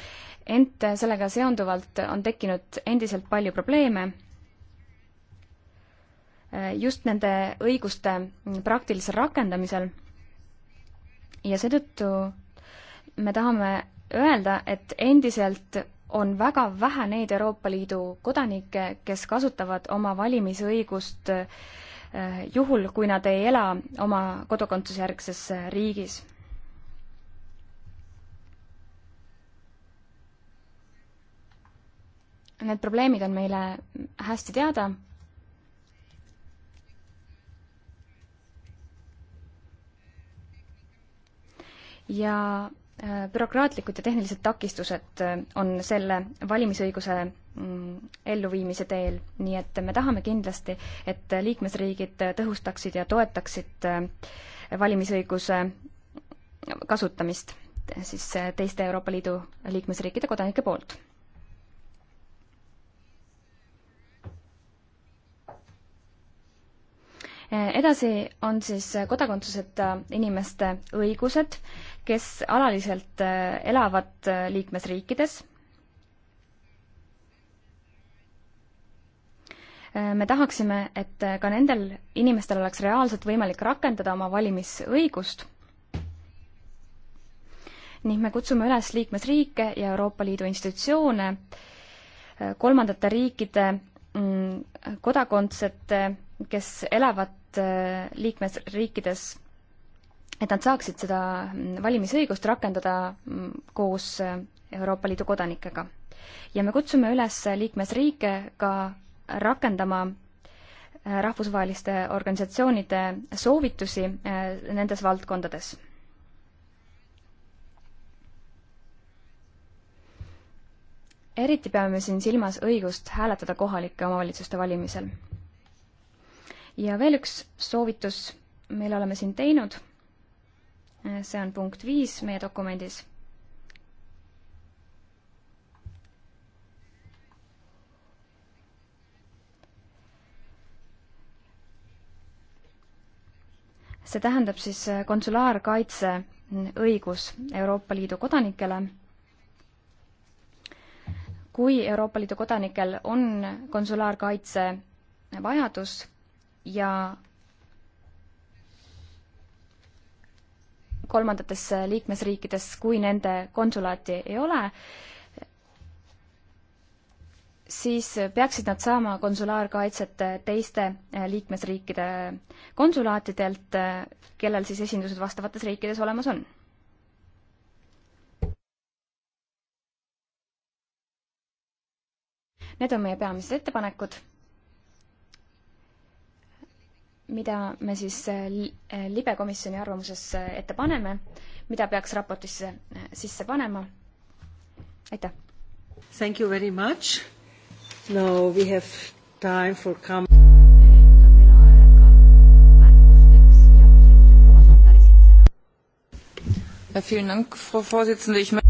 ent sellega seonduvalt on tekkinud endiselt palju probleeme just nende õiguste praktilisel rakendamisel ja seetõttu me tahame öelda, et endiselt on väga vähe neid Euroopa Liidu kodanikke, kes kasutavad oma valimisõigust eh, juhul, kui nad ei ela oma kodakondsusjärgses eh, riigis need probleemid on meile hästi teada. ja Äh, bürokraatlikud ja tehnilised takistused äh, on selle valimisõiguse mm, elluviimise teel, nii et me tahame kindlasti, et liikmesriigid tõhustaksid ja toetaksid äh, valimisõiguse kasutamist siis teiste Euroopa Liidu liikmesriikide kodanike poolt. edasi on siis kodakondsuseta inimeste õigused kes alaliselt äh, elavad äh, liikmesriikides. Äh, me tahaksime, et ka nendel inimestel oleks reaalselt võimalik rakendada oma valimisõigust ning me kutsume üles liikmesriike ja Euroopa Liidu institutsioone kolmandate riikide mm, kodakondsete, kes elavad liikmesriikides et nad saaksid seda mm, valimisõigust rakendada mm, koos äh, Euroopa Liidu kodanikega. ja me kutsume üles liikmesriike ka rakendama äh, rahvusvaheliste organisatsioonide soovitusi äh, nendes valdkondades. eriti peame siin silmas õigust hääletada kohalike omavalitsuste valimisel. ja veel üks soovitus, mille oleme siin teinud see on punkt viis meie dokumendis. see tähendab siis konsulaarkaitse õigus Euroopa Liidu kodanikele. kui Euroopa Liidu kodanikel on konsulaarkaitse vajadus ja kolmandates liikmesriikides, kui nende konsulaati ei ole, siis peaksid nad saama konsulaarkaitset teiste liikmesriikide konsulaatidelt, kellel siis esindused vastavates riikides olemas on Need on meie peamised ettepanekud mida me siis äh, libe komisjoni arvamuses äh, ette paneme, mida peaks raportisse äh, sisse panema. aitäh! Thank you very much. Now we have time for comments. Vielen Dank, Frau Vorsitzende. Ich möchte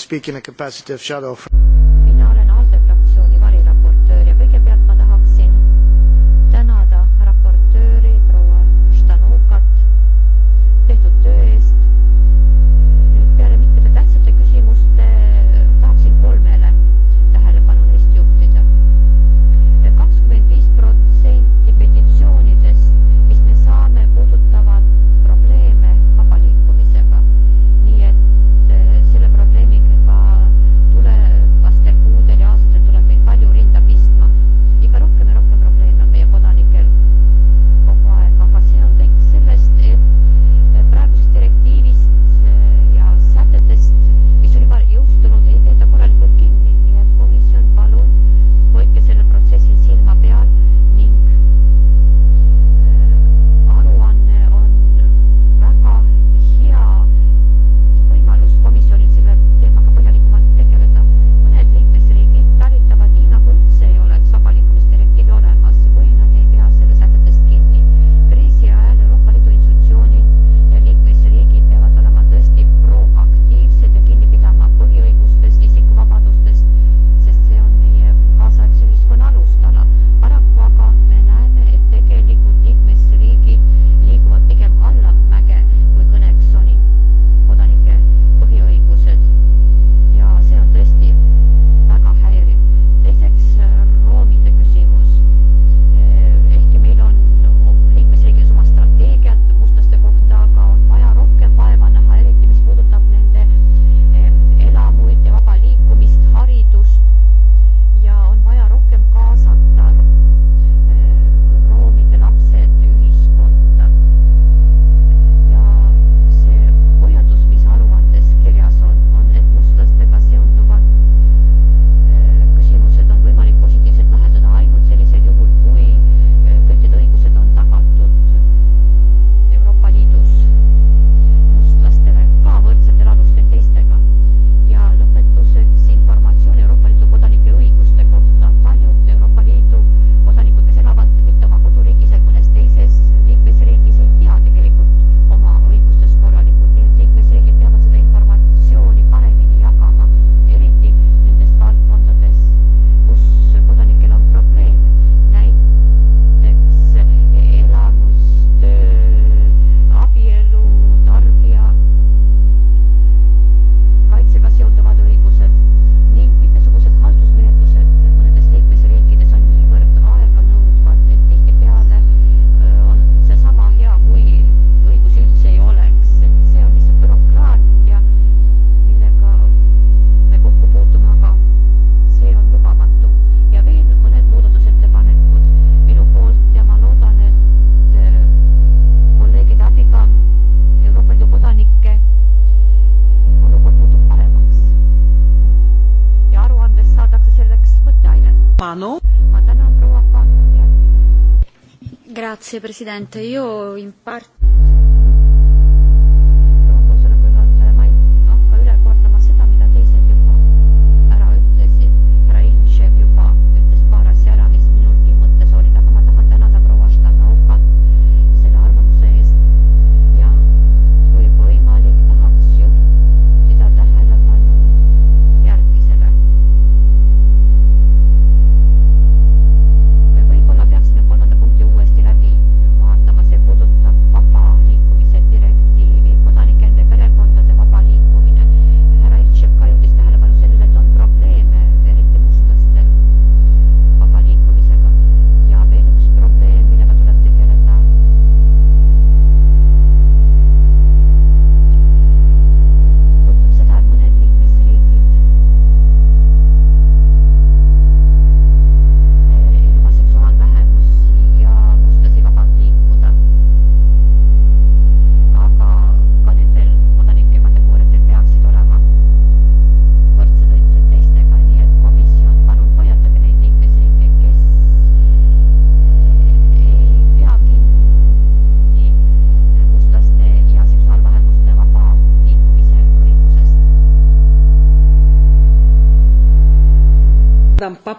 speak in the capacity of shadow Grazie Presidente, io in parte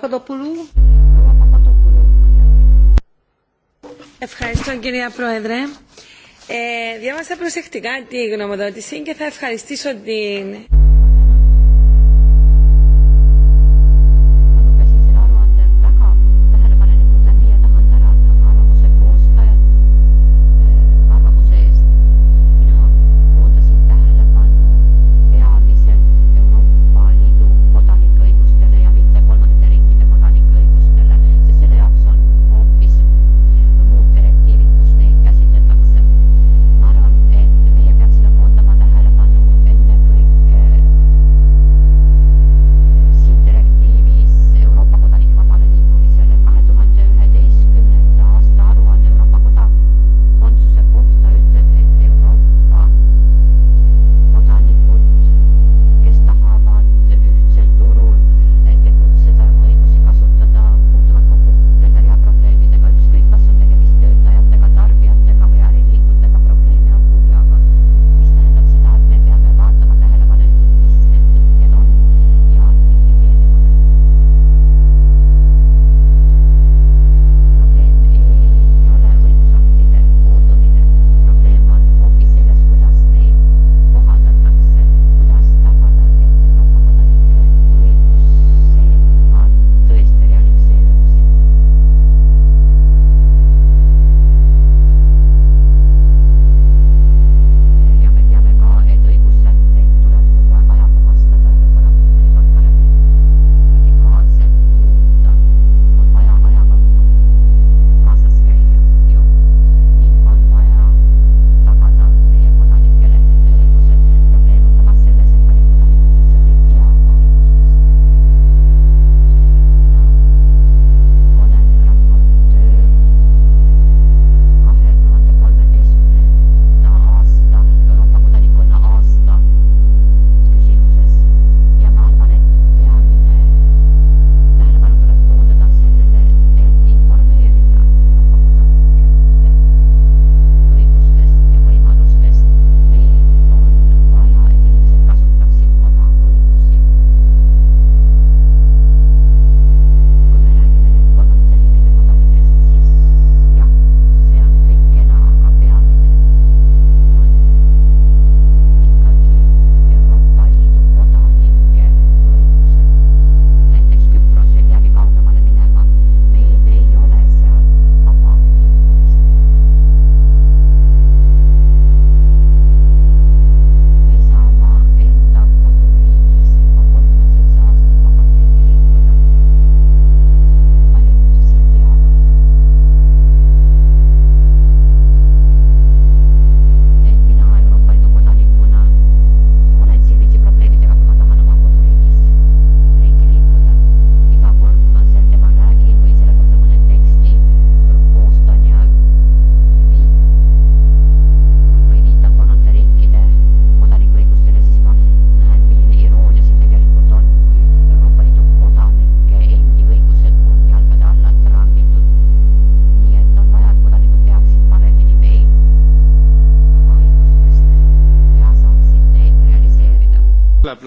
Παπαδοπούλου. Ευχαριστώ κυρία Πρόεδρε. Ε, διάβασα προσεκτικά τη γνωμοδότηση και θα ευχαριστήσω την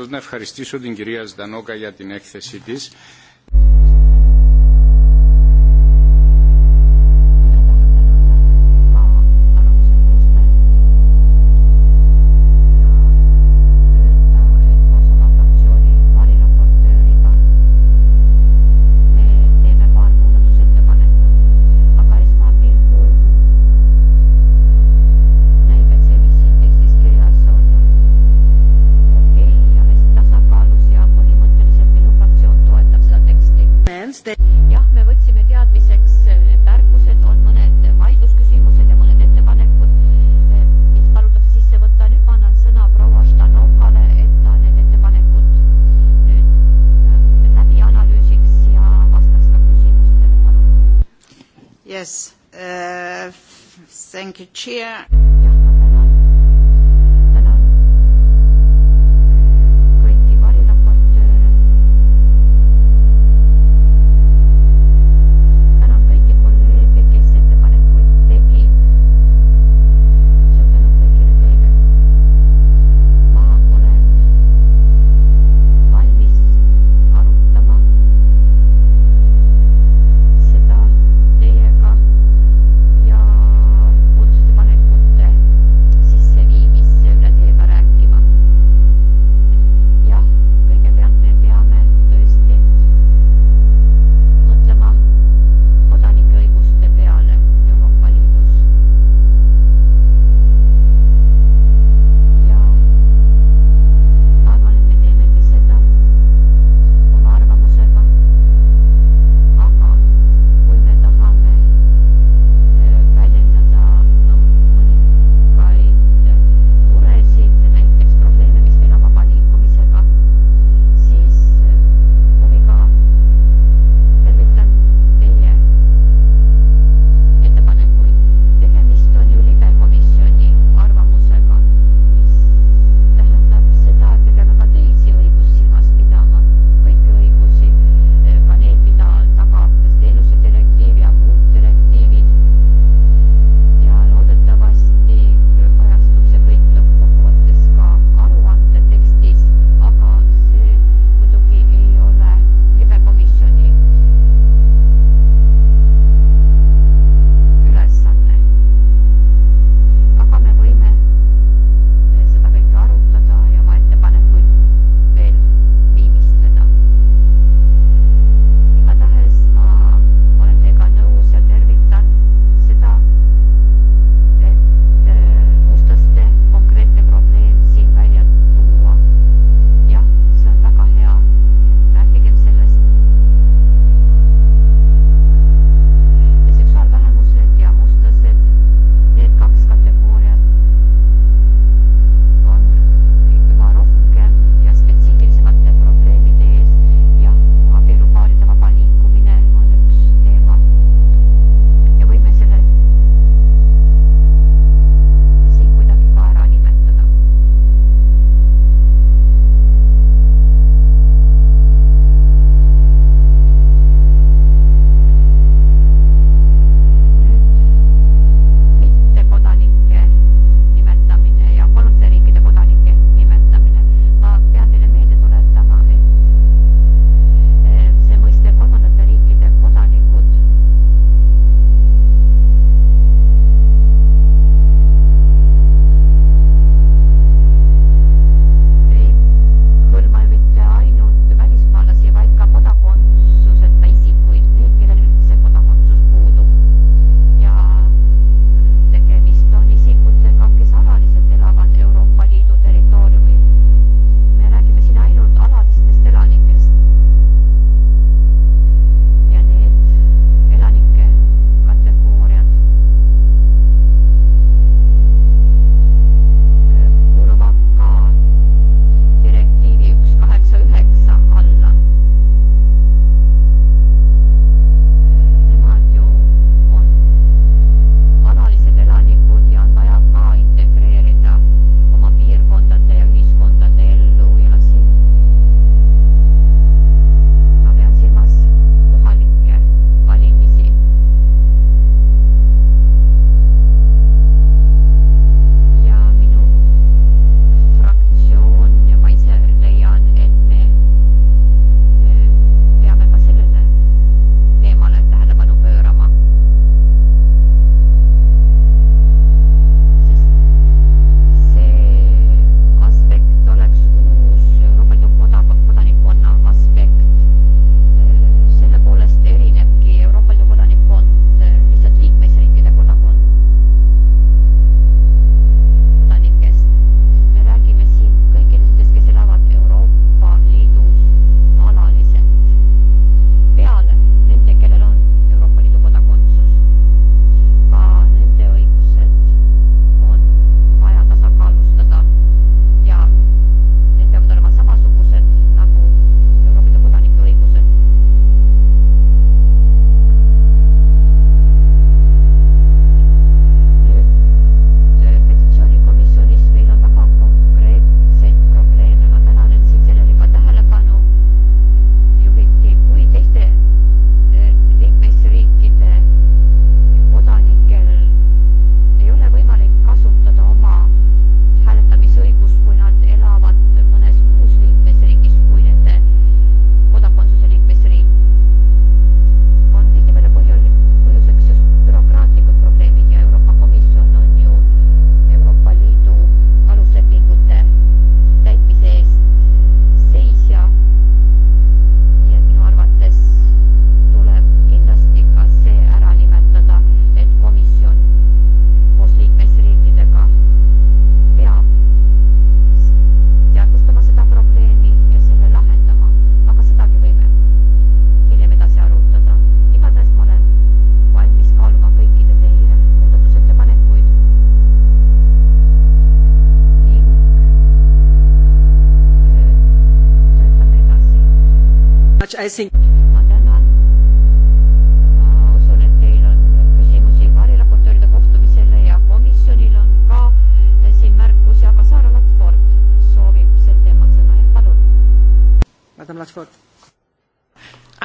πρώτον να ευχαριστήσω την κυρία Ζδανόκα για την έκθεσή της Yes. Uh, thank you, Chair.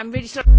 I'm really sorry.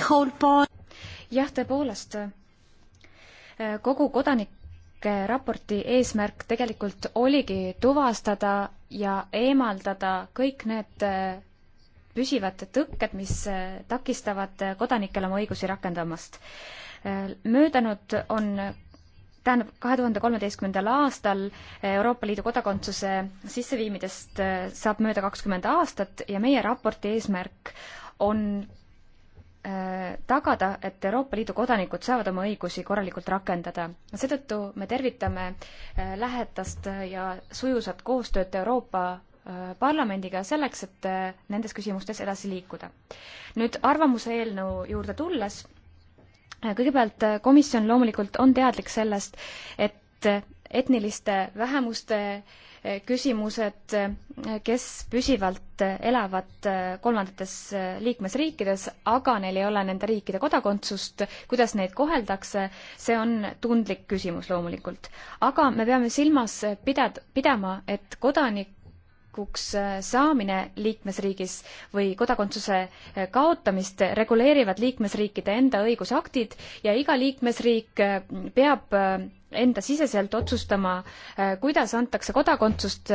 jah, tõepoolest, kogu kodanike raporti eesmärk tegelikult oligi tuvastada ja eemaldada kõik need püsivad tõkked, mis takistavad kodanikel oma õigusi rakendamast. möödanud on tähendab, kahe tuhande kolmeteistkümnendal aastal Euroopa Liidu kodakondsuse sisseviimidest saab mööda kakskümmend aastat ja meie raporti eesmärk on tagada, et Euroopa Liidu kodanikud saavad oma õigusi korralikult rakendada. seetõttu me tervitame äh, lähedast ja sujusat koostööd Euroopa äh, parlamendiga selleks, et äh, nendes küsimustes edasi liikuda. nüüd arvamuse eelnõu juurde tulles, kõigepealt komisjon loomulikult on teadlik sellest, et etniliste vähemuste äh, küsimused, kes püsivalt elavad kolmandates liikmesriikides, aga neil ei ole nende riikide kodakondsust, kuidas neid koheldakse, see on tundlik küsimus loomulikult. aga me peame silmas pidad-, pidama, et kodanik kodanikuks äh, saamine liikmesriigis või kodakondsuse äh, kaotamist reguleerivad liikmesriikide enda õigusaktid ja iga liikmesriik äh, peab endasiseselt otsustama, kuidas antakse kodakondsust,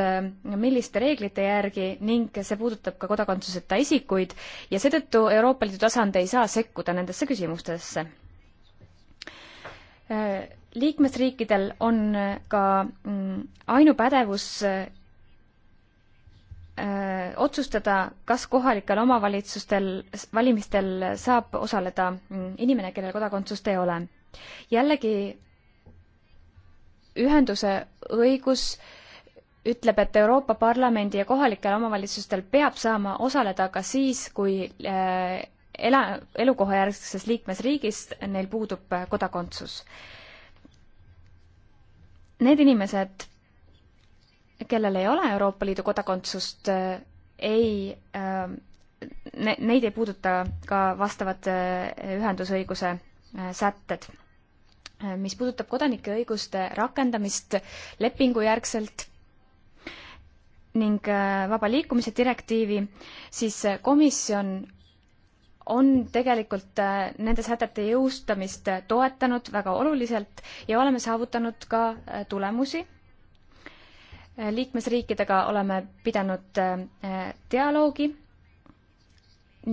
milliste reeglite järgi ning see puudutab ka kodakondsuseta isikuid ja seetõttu Euroopa Liidu tasand ei saa sekkuda nendesse küsimustesse. liikmesriikidel on ka mm, ainupädevus Äh, otsustada, kas kohalikel omavalitsustel valimistel saab osaleda mm, inimene, kellel kodakondsust ei ole. jällegi ühenduse õigus ütleb, et Euroopa Parlamendi ja kohalikel omavalitsustel peab saama osaleda ka siis, kui äh, ela, elukohajärgses liikmesriigis neil puudub kodakondsus. Need inimesed kellel ei ole Euroopa Liidu kodakondsust, äh, ei, äh, neid ei puuduta ka vastavad äh, ühendusõiguse sätted. mis puudutab kodanike õiguste rakendamist lepingujärgselt ning vaba liikumise direktiivi, siis komisjon on tegelikult nende sätete jõustamist toetanud väga oluliselt ja oleme saavutanud ka tulemusi liikmesriikidega oleme pidanud äh, dialoogi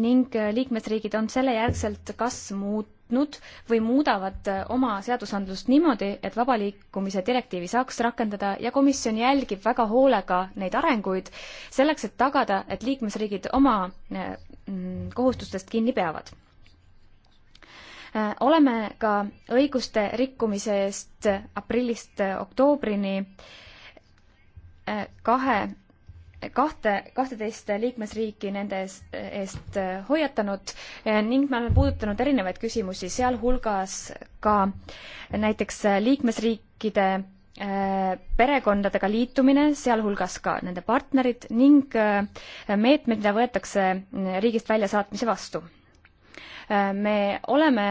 ning äh, liikmesriigid on selle järgselt kas muutnud või muudavad äh, oma seadusandlust niimoodi, et vaba liikumise direktiivi saaks rakendada ja komisjon jälgib väga hoolega neid arenguid selleks, et tagada, et liikmesriigid oma mm, kohustustest kinni peavad oleme ka õiguste rikkumise eest aprillist oktoobrini äh, kahe, kahte, kahteteist liikmesriiki nende eest, eest äh, hoiatanud äh, ning me oleme puudutanud erinevaid küsimusi, sealhulgas ka näiteks äh, liikmesriikide perekondadega liitumine, sealhulgas ka nende partnerid ning meetmed, mida võetakse riigist väljasaatmise vastu. me oleme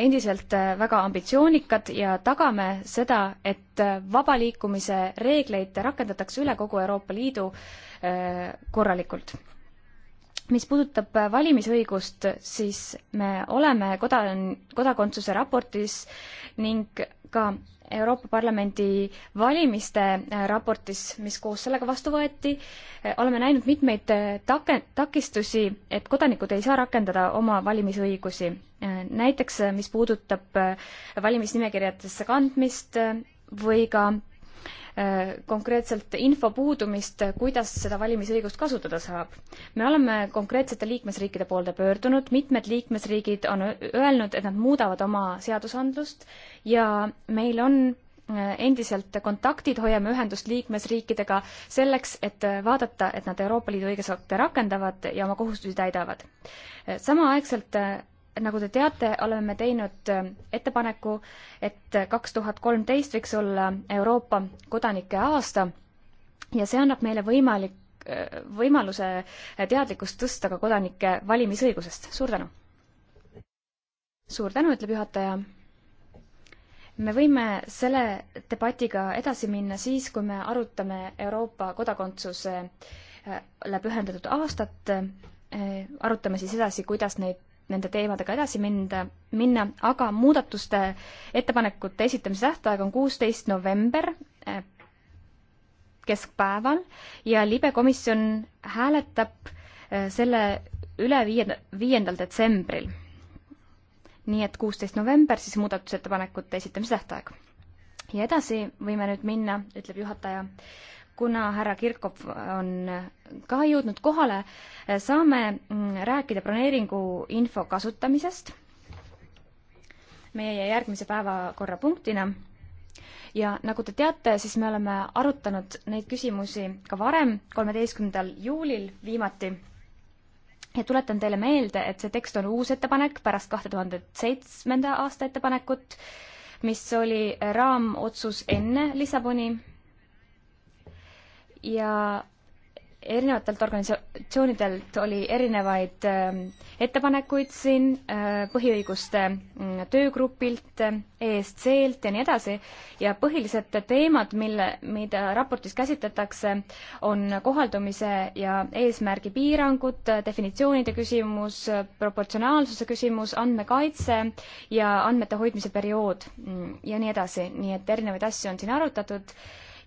endiselt äh, väga ambitsioonikad ja tagame seda, et äh, vaba liikumise reegleid rakendatakse üle kogu Euroopa Liidu äh, korralikult. mis puudutab valimisõigust, siis me oleme kodan-, kodakondsuse raportis ning ka Euroopa Parlamendi valimiste äh, raportis, mis koos sellega vastu võeti, äh, oleme näinud mitmeid äh, take-, takistusi, et kodanikud ei saa rakendada oma valimisõigusi. näiteks mis puudutab valimisnimekirjadesse kandmist või ka konkreetselt info puudumist, kuidas seda valimisõigust kasutada saab. me oleme konkreetsete liikmesriikide poolde pöördunud, mitmed liikmesriigid on öelnud, et nad muudavad oma seadusandlust ja meil on äh, endiselt kontaktid, hoiame ühendust liikmesriikidega selleks, et äh, vaadata, et nad Euroopa Liidu õigusakte rakendavad ja oma kohustusi täidavad. Äh, samaaegselt nagu te teate, oleme me teinud äh, ettepaneku, et kaks tuhat kolmteist võiks olla Euroopa kodanike aasta ja see annab meile võimalik, äh, võimaluse teadlikkust tõsta ka kodanike valimisõigusest. suur tänu! suur tänu, ütleb juhataja. me võime selle debatiga edasi minna siis, kui me arutame Euroopa kodakondsusele äh, pühendatud aastat arutame siis edasi, kuidas neid nende teemadega edasi minda, minna, aga muudatuste ettepanekute esitamise tähtaeg on kuusteist november eh, keskpäeval ja libekomisjon hääletab eh, selle üle viienda, viiendal detsembril. nii et kuusteist november siis muudatusettepanekute esitamise tähtaeg. ja edasi võime nüüd minna, ütleb juhataja, kuna härra Kirkov on ka jõudnud kohale, saame mm, rääkida broneeringu info kasutamisest meie järgmise päevakorrapunktina. ja nagu te teate, siis me oleme arutanud neid küsimusi ka varem, kolmeteistkümnendal juulil viimati. ja tuletan teile meelde, et see tekst on uus ettepanek pärast kahte tuhande seitsmenda aasta ettepanekut, mis oli raamotsus enne Lissaboni ja erinevatelt organisatsioonidelt oli erinevaid ähm, ettepanekuid siin äh, põhiõiguste mm, töögrupilt, ESC-lt ja nii edasi ja põhilised teemad, mille, mida raportis käsitletakse, on kohaldumise ja eesmärgi piirangud, definitsioonide küsimus, proportsionaalsuse küsimus, andmekaitse ja andmete hoidmise periood mm, ja nii edasi, nii et erinevaid asju on siin arutatud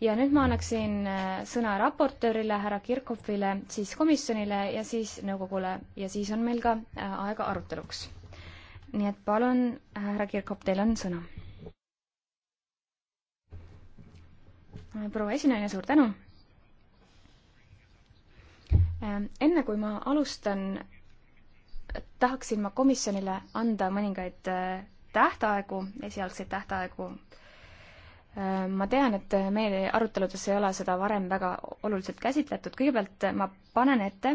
ja nüüd ma annaksin äh, sõna raportöörile, härra Kirkhoffile, siis komisjonile ja siis nõukogule ja siis on meil ka äh, aega aruteluks. nii et palun, äh, härra Kirkhoff, teil on sõna. proua esinaine, suur tänu Enne kui ma alustan, tahaksin ma komisjonile anda mõningaid tähtaegu, esialgseid tähtaegu Äh, ma tean, et meie aruteludes ei ole seda varem väga oluliselt käsitletud, kõigepealt äh, ma panen ette,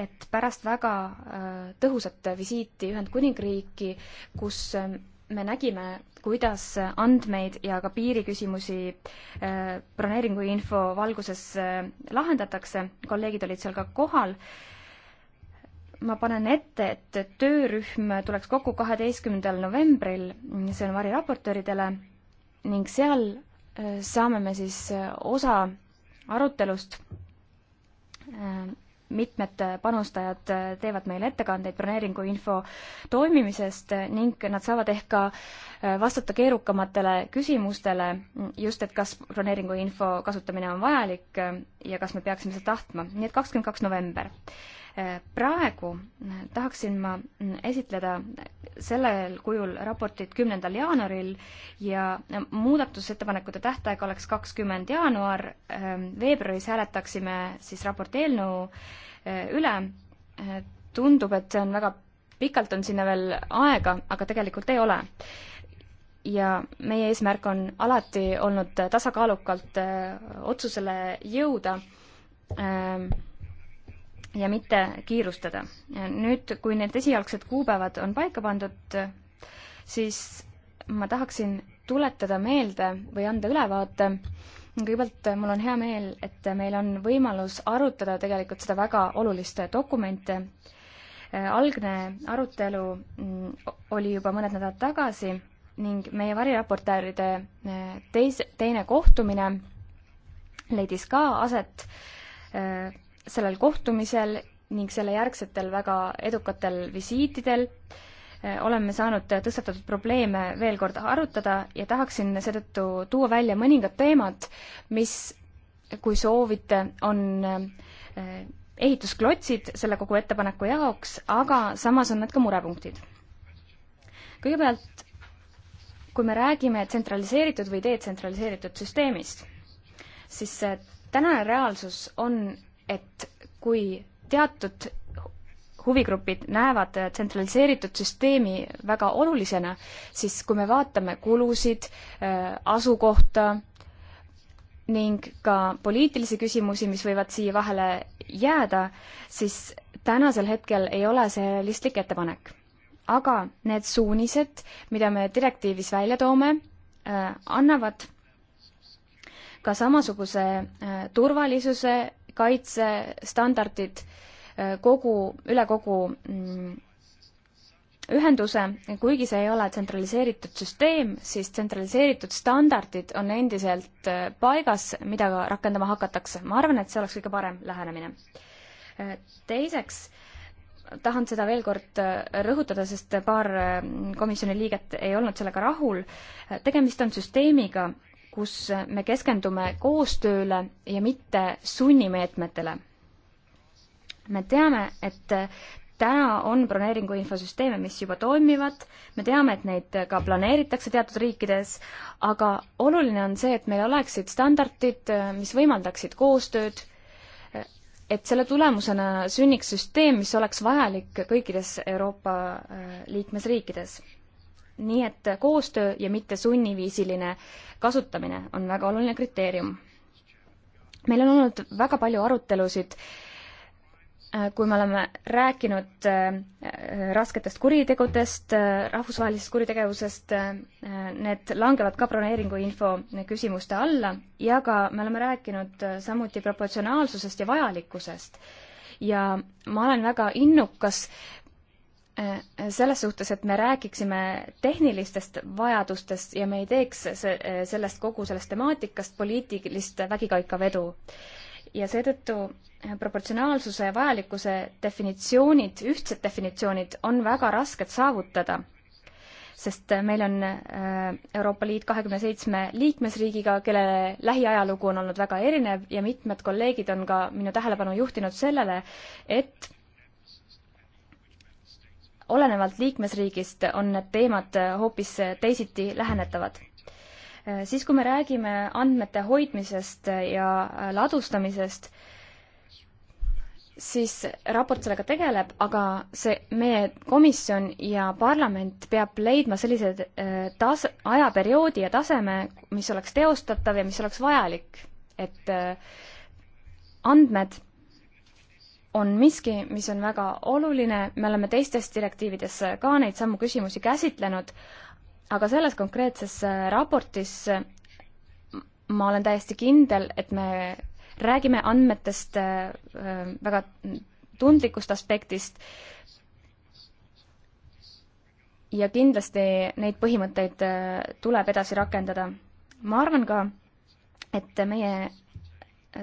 et pärast väga äh, tõhusat visiiti Ühendkuningriiki, kus me nägime, kuidas andmeid ja ka piiriküsimusi broneeringuinfo valguses lahendatakse, kolleegid olid seal ka kohal, ma panen ette, et töörühm tuleks kokku kaheteistkümnendal novembril, see on variraportööridele ning seal äh, saame me siis äh, osa arutelust. Äh, mitmed panustajad teevad meile ettekandeid broneeringuinfo toimimisest ning nad saavad ehk ka vastata keerukamatele küsimustele, just et kas broneeringuinfo kasutamine on vajalik ja kas me peaksime seda tahtma, nii et kakskümmend kaks november praegu tahaksin ma esitleda sellel kujul raportit kümnendal jaanuaril ja muudatusettepanekute tähtaeg oleks kakskümmend jaanuar, veebruaris hääletaksime siis raporti eelnõu e, üle, e, tundub, et see on väga, pikalt on sinna veel aega, aga tegelikult ei ole ja meie eesmärk on alati olnud tasakaalukalt öö, e, otsusele jõuda ja mitte kiirustada. nüüd, kui need esialgsed kuupäevad on paika pandud, siis ma tahaksin tuletada meelde või anda ülevaate. kõigepealt mul on hea meel, et meil on võimalus arutada tegelikult seda väga olulist dokumenti. algne arutelu mm, oli juba mõned nädalad tagasi ning meie variraportööride e, teise, teine kohtumine leidis ka aset e, sellel kohtumisel ning selle järgsetel väga edukatel visiitidel eh, oleme saanud tõstatatud probleeme veel kord arutada ja tahaksin seetõttu tuua välja mõningad teemad, mis, kui soovite, on eh, ehitusklotsid selle kogu ettepaneku jaoks, aga samas on need ka murepunktid. kõigepealt, kui me räägime tsentraliseeritud või detsentraliseeritud süsteemist, siis tänane reaalsus on et kui teatud huvigrupid näevad tsentraliseeritud süsteemi väga olulisena, siis kui me vaatame kulusid, äh, asukohta ning ka poliitilisi küsimusi, mis võivad siia vahele jääda, siis tänasel hetkel ei ole see listlik ettepanek. aga need suunised, mida me direktiivis välja toome, äh, annavad ka samasuguse äh, turvalisuse kaitsestandardid äh, kogu, üle kogu mm, ühenduse, kuigi see ei ole tsentraliseeritud süsteem, siis tsentraliseeritud standardid on endiselt äh, paigas, mida ka rakendama hakatakse. ma arvan, et see oleks kõige parem lähenemine. Äh, teiseks tahan seda veel kord rõhutada, sest paar komisjoni liiget ei olnud sellega rahul. tegemist on süsteemiga, kus me keskendume koostööle ja mitte sunnimeetmetele. me teame, et täna on broneeringu infosüsteeme, mis juba toimivad, me teame, et neid ka planeeritakse teatud riikides, aga oluline on see, et meil oleksid standardid, mis võimaldaksid koostööd, et selle tulemusena sünniks süsteem, mis oleks vajalik kõikides Euroopa äh, liikmesriikides nii et koostöö ja mitte sunniviisiline kasutamine on väga oluline kriteerium. meil on olnud väga palju arutelusid, äh, kui me oleme rääkinud äh, rasketest kuritegudest, äh, rahvusvahelisest kuritegevusest, need langevad ka broneeringu info küsimuste alla ja ka me oleme rääkinud samuti proportsionaalsusest ja vajalikkusest ja ma olen väga innukas Äh, selles suhtes, et me räägiksime tehnilistest vajadustest ja me ei teeks äh, sellest kogu sellest temaatikast poliitilist vägikaikavedu. ja seetõttu äh, proportsionaalsuse ja vajalikkuse definitsioonid, ühtsed definitsioonid on väga rasked saavutada, sest meil on Euroopa Liit kahekümne seitsme liikmesriigiga, kelle lähiajalugu on olnud väga erinev ja mitmed kolleegid on ka minu tähelepanu juhtinud sellele, et olenevalt liikmesriigist on need teemad hoopis teisiti lähenetavad. siis, kui me räägime andmete hoidmisest ja ladustamisest, siis raport sellega tegeleb, aga see, meie komisjon ja parlament peab leidma sellise äh, tas-, ajaperioodi ja taseme, mis oleks teostatav ja mis oleks vajalik, et äh, andmed on miski, mis on väga oluline, me oleme teistes direktiivides ka neid samu küsimusi käsitlenud, aga selles konkreetses äh, raportis äh, ma olen täiesti kindel, et me räägime andmetest äh, väga tundlikust aspektist ja kindlasti neid põhimõtteid tuleb edasi rakendada. ma arvan ka, et meie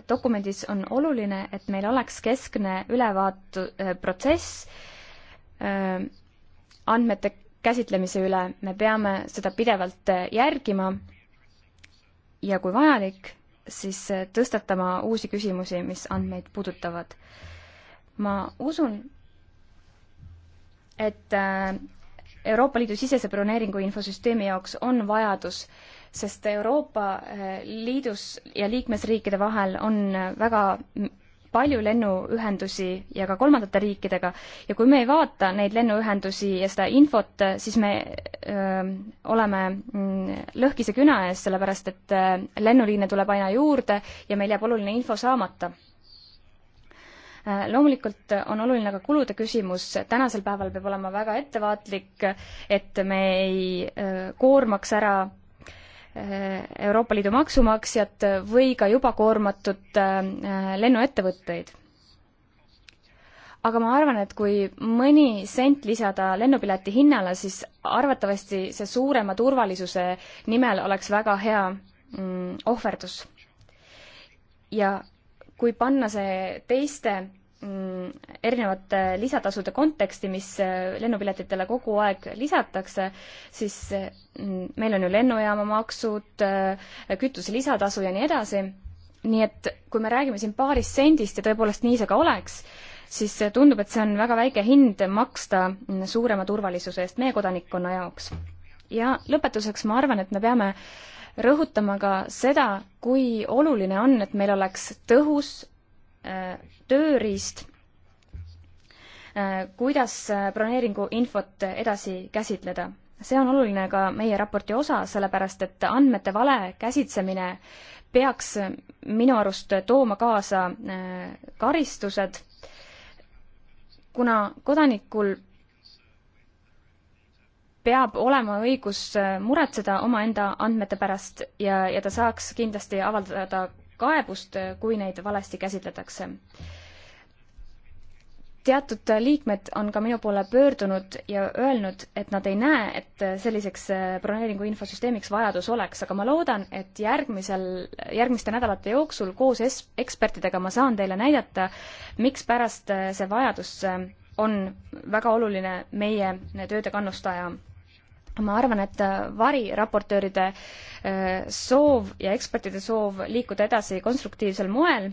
dokumendis on oluline, et meil oleks keskne ülevaatusprotsess äh, äh, andmete käsitlemise üle, me peame seda pidevalt äh, järgima ja kui vajalik, siis tõstatama uusi küsimusi, mis andmeid puudutavad. ma usun, et Euroopa Liidu sisese broneeringu infosüsteemi jaoks on vajadus äh, sest Euroopa eh, Liidus ja liikmesriikide vahel on eh, väga palju lennuühendusi ja ka kolmandate riikidega ja kui me ei vaata neid lennuühendusi ja seda infot, eh, siis me öö, oleme mm, lõhkise küna ees, sellepärast et lennuliine tuleb aina juurde ja meil jääb oluline info saamata. loomulikult on oluline ka kulude küsimus, tänasel päeval peab olema väga ettevaatlik, et me ei öö, koormaks ära Eh, Euroopa Liidu maksumaksjat või ka juba koormatud eh, lennuettevõtteid. aga ma arvan, et kui mõni sent lisada lennupileti hinnale, siis arvatavasti see suurema turvalisuse nimel oleks väga hea mm, ohverdus. ja kui panna see teiste Mm, erinevate lisatasude konteksti, mis äh, lennupiletitele kogu aeg lisatakse, siis mm, meil on ju lennujaamamaksud, äh, kütuse lisatasu ja nii edasi, nii et kui me räägime siin paarist sendist ja tõepoolest nii see ka oleks, siis äh, tundub, et see on väga väike hind maksta mm, suurema turvalisuse eest meie kodanikkonna jaoks. ja lõpetuseks ma arvan, et me peame rõhutama ka seda, kui oluline on, et meil oleks tõhus tööriist, kuidas broneeringu infot edasi käsitleda. see on oluline ka meie raporti osa, sellepärast et andmete vale käsitsemine peaks minu arust tooma kaasa äh, karistused, kuna kodanikul peab olema õigus äh, muretseda omaenda andmete pärast ja, ja ta saaks kindlasti avaldada kaebust, kui neid valesti käsitletakse. teatud liikmed on ka minu poole pöördunud ja öelnud, et nad ei näe, et selliseks äh, broneeringu infosüsteemiks vajadus oleks, aga ma loodan, et järgmisel, järgmiste nädalate jooksul koos es-, ekspertidega ma saan teile näidata, mikspärast äh, see vajadus äh, on väga oluline meie tööde kannustaja ma arvan, et äh, variraportööride äh, soov ja ekspertide soov liikuda edasi konstruktiivsel moel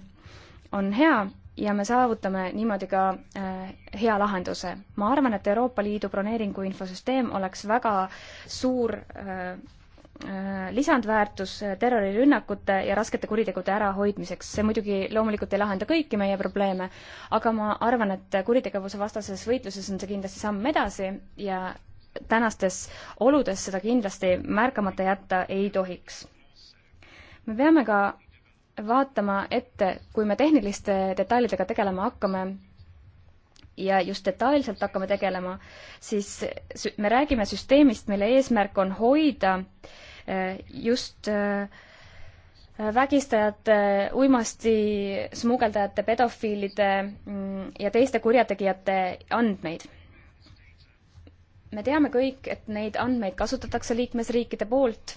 on hea ja me saavutame niimoodi ka äh, hea lahenduse. ma arvan, et Euroopa Liidu broneeringu infosüsteem oleks väga suur lisandväärtus terrorirünnakute ja raskete kuritegude ärahoidmiseks. see muidugi loomulikult ei lahenda kõiki meie probleeme, aga ma arvan, et kuritegevuse vastases võitluses on see kindlasti samm edasi ja tänastes oludes seda kindlasti märkamata jätta ei tohiks. me peame ka vaatama ette, kui me tehniliste detailidega tegelema hakkame ja just detailselt hakkame tegelema, siis me räägime süsteemist, mille eesmärk on hoida eh, just eh, vägistajate, uimasti smugeldajate, pedofiilide mm, ja teiste kurjategijate andmeid me teame kõik, et neid andmeid kasutatakse liikmesriikide poolt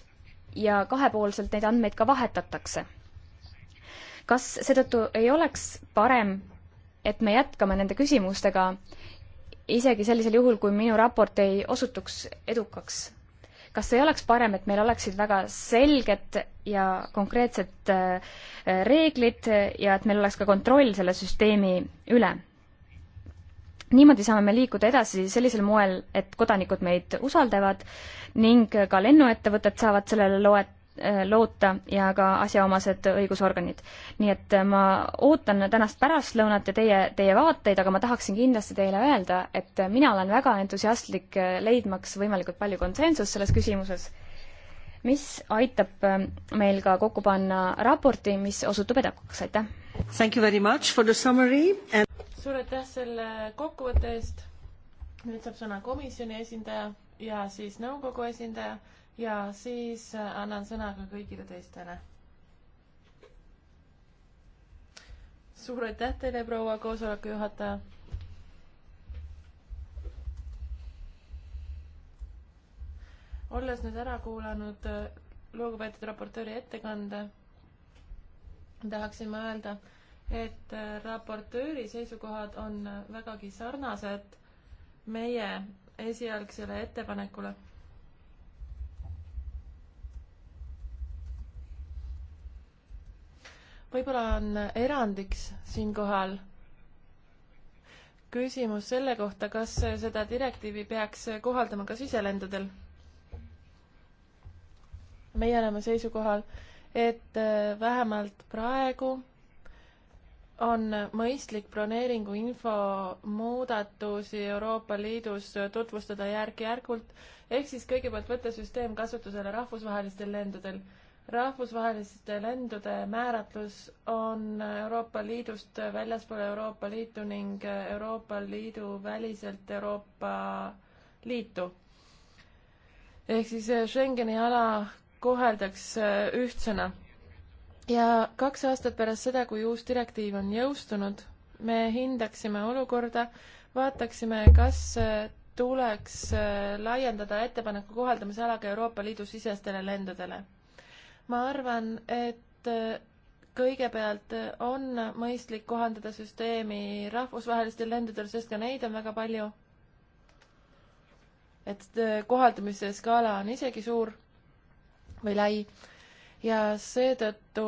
ja kahepoolselt neid andmeid ka vahetatakse. kas seetõttu ei oleks parem, et me jätkame nende küsimustega isegi sellisel juhul, kui minu raport ei osutuks edukaks? kas ei oleks parem, et meil oleksid väga selged ja konkreetsed äh, reeglid ja et meil oleks ka kontroll selle süsteemi üle? niimoodi saame me liikuda edasi sellisel moel, et kodanikud meid usaldavad ning ka lennuettevõtted saavad sellele loet-, äh, loota ja ka asjaomased õigusorganid. nii et äh, ma ootan tänast pärastlõunat ja teie, teie vaateid, aga ma tahaksin kindlasti teile öelda, et äh, mina olen väga entusiastlik leidmaks võimalikult palju konsensust selles küsimuses, mis aitab meil ka kokku panna raporti, mis osutub edukaks, aitäh! Thank you very much for the summary and suur aitäh selle kokkuvõtte eest. nüüd saab sõna komisjoni esindaja ja siis nõukogu esindaja ja siis äh, annan sõna ka kõigile teistele. suur aitäh teile, proua koosoleku juhataja. olles nüüd ära kuulanud äh, lugupeetud raportööri ettekande tahaksin ma öelda, et äh, raportööri seisukohad on vägagi sarnased meie esialgsele ettepanekule. võib-olla on erandiks siinkohal küsimus selle kohta, kas seda direktiivi peaks kohaldama ka siselendudel. meie oleme seisukohal, et äh, vähemalt praegu on mõistlik broneeringu info muudatusi Euroopa Liidus tutvustada järk-järgult, ehk siis kõigepealt võtta süsteem kasutusele rahvusvahelistel lendudel. rahvusvaheliste lendude määratlus on Euroopa Liidust väljaspool Euroopa Liitu ning Euroopa Liidu väliselt Euroopa Liitu. ehk siis Schengeni ala koheldaks äh, ühtsena. ja kaks aastat pärast seda, kui uus direktiiv on jõustunud, me hindaksime olukorda, vaataksime, kas äh, tuleks äh, laiendada ettepaneku kohaldamise ala ka Euroopa Liidu sisestele lendudele. ma arvan, et kõigepealt on mõistlik kohandada süsteemi rahvusvahelistel lendudel, sest ka neid on väga palju. et kohaldumise skaala on isegi suur või lai ja seetõttu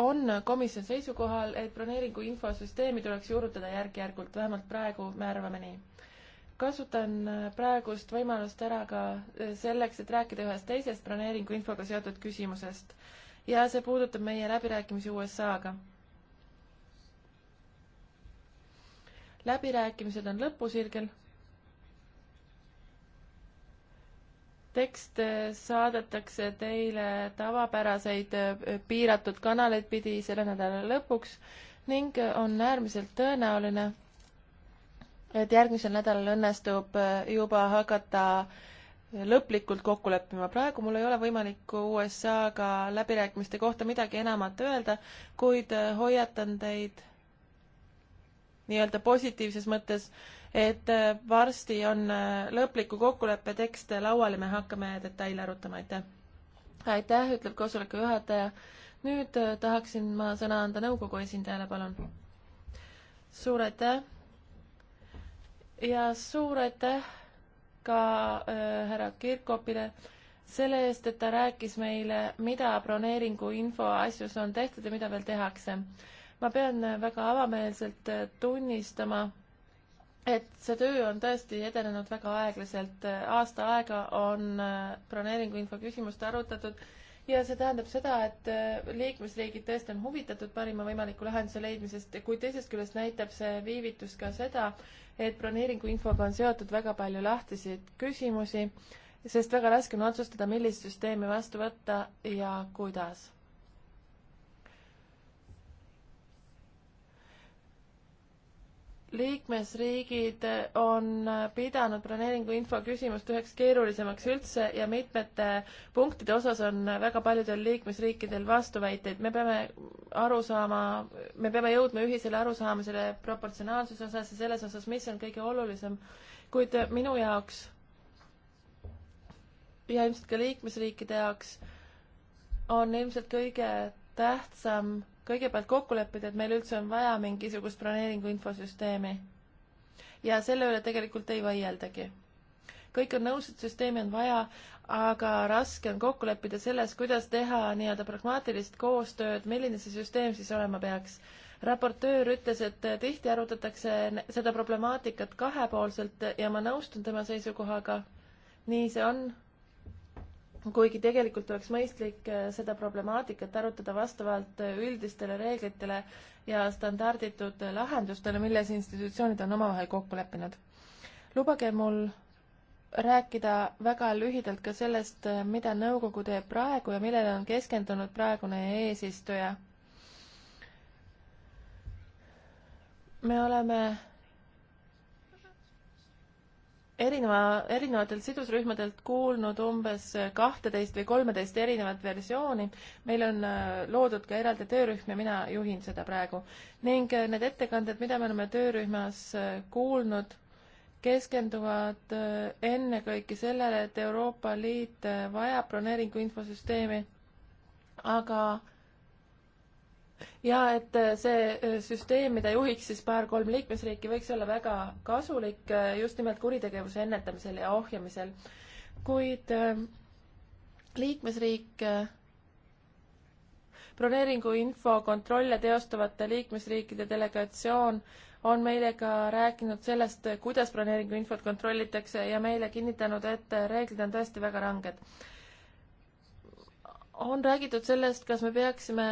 on komisjon seisukohal, et broneeringu infosüsteemi tuleks juurutada järk-järgult, vähemalt praegu me arvame nii. kasutan praegust võimalust ära ka selleks, et rääkida ühest teisest broneeringu infoga seotud küsimusest ja see puudutab meie läbirääkimisi USA-ga. läbirääkimised on lõpusirgel tekst äh, saadetakse teile tavapäraseid äh, piiratud kanaleid pidi selle nädala lõpuks ning äh, on äärmiselt tõenäoline, et järgmisel nädalal õnnestub juba hakata lõplikult kokku leppima. praegu mul ei ole võimalik USA-ga läbirääkimiste kohta midagi enamat öelda, kuid hoiatan teid nii-öelda positiivses mõttes, et äh, varsti on äh, lõpliku kokkuleppe tekst laual ja me hakkame detaile arutama, aitäh. aitäh, ütleb koosoleku juhataja. nüüd äh, tahaksin ma sõna anda nõukogu esindajale, palun. suur aitäh. ja suur aitäh ka äh, härra Kirkopile selle eest, et ta rääkis meile, mida broneeringu info asjus on tehtud ja mida veel tehakse ma pean väga avameelselt äh, tunnistama, et see töö on tõesti edenenud väga aeglaselt. aasta aega on äh, broneeringuinfo küsimust arutatud ja see tähendab seda, et äh, liikmesriigid tõesti on huvitatud parima võimaliku lahenduse leidmisest, kuid teisest küljest näitab see viivitus ka seda, et broneeringuinfoga on seotud väga palju lahtiseid küsimusi, sest väga raske on otsustada, millist süsteemi vastu võtta ja kuidas liikmesriigid on pidanud broneeringuinfo küsimust üheks keerulisemaks üldse ja mitmete punktide osas on väga paljudel liikmesriikidel vastuväiteid. me peame aru saama, me peame jõudma ühisele arusaamisele proportsionaalsuse osas ja selles osas, mis on kõige olulisem. kuid minu jaoks ja ilmselt ka liikmesriikide jaoks on ilmselt kõige tähtsam kõigepealt kokku leppida, et meil üldse on vaja mingisugust broneeringu infosüsteemi. ja selle üle tegelikult ei vaieldagi. kõik on nõus, et süsteemi on vaja, aga raske on kokku leppida selles, kuidas teha nii-öelda pragmaatilist koostööd, milline see süsteem siis olema peaks. raportöör ütles, et tihti arutatakse seda problemaatikat kahepoolselt ja ma nõustun tema seisukohaga. nii see on kuigi tegelikult oleks mõistlik äh, seda problemaatikat arutada vastavalt äh, üldistele reeglitele ja standarditud äh, lahendustele, milles institutsioonid on omavahel kokku leppinud. lubage mul rääkida väga lühidalt ka sellest, mida nõukogu teeb praegu ja millele on keskendunud praegune eesistuja. me oleme erineva, erinevatelt sidusrühmadelt kuulnud umbes kahteteist või kolmeteist erinevat versiooni. meil on äh, loodud ka eraldi töörühm ja mina juhin seda praegu. ning äh, need ettekanded, mida me oleme töörühmas äh, kuulnud, keskenduvad ennekõike sellele, et Euroopa Liit vajab broneeringu infosüsteemi, aga ja et äh, see äh, süsteem, mida juhiks siis paar-kolm liikmesriiki, võiks olla väga kasulik äh, just nimelt kuritegevuse ennetamisel ja ohjamisel. kuid liikmesriik broneeringu info kontrolle teostavate liikmesriikide delegatsioon on meile ka rääkinud sellest, kuidas broneeringu infot kontrollitakse ja meile kinnitanud, et reeglid on tõesti väga ranged on räägitud sellest, kas me peaksime,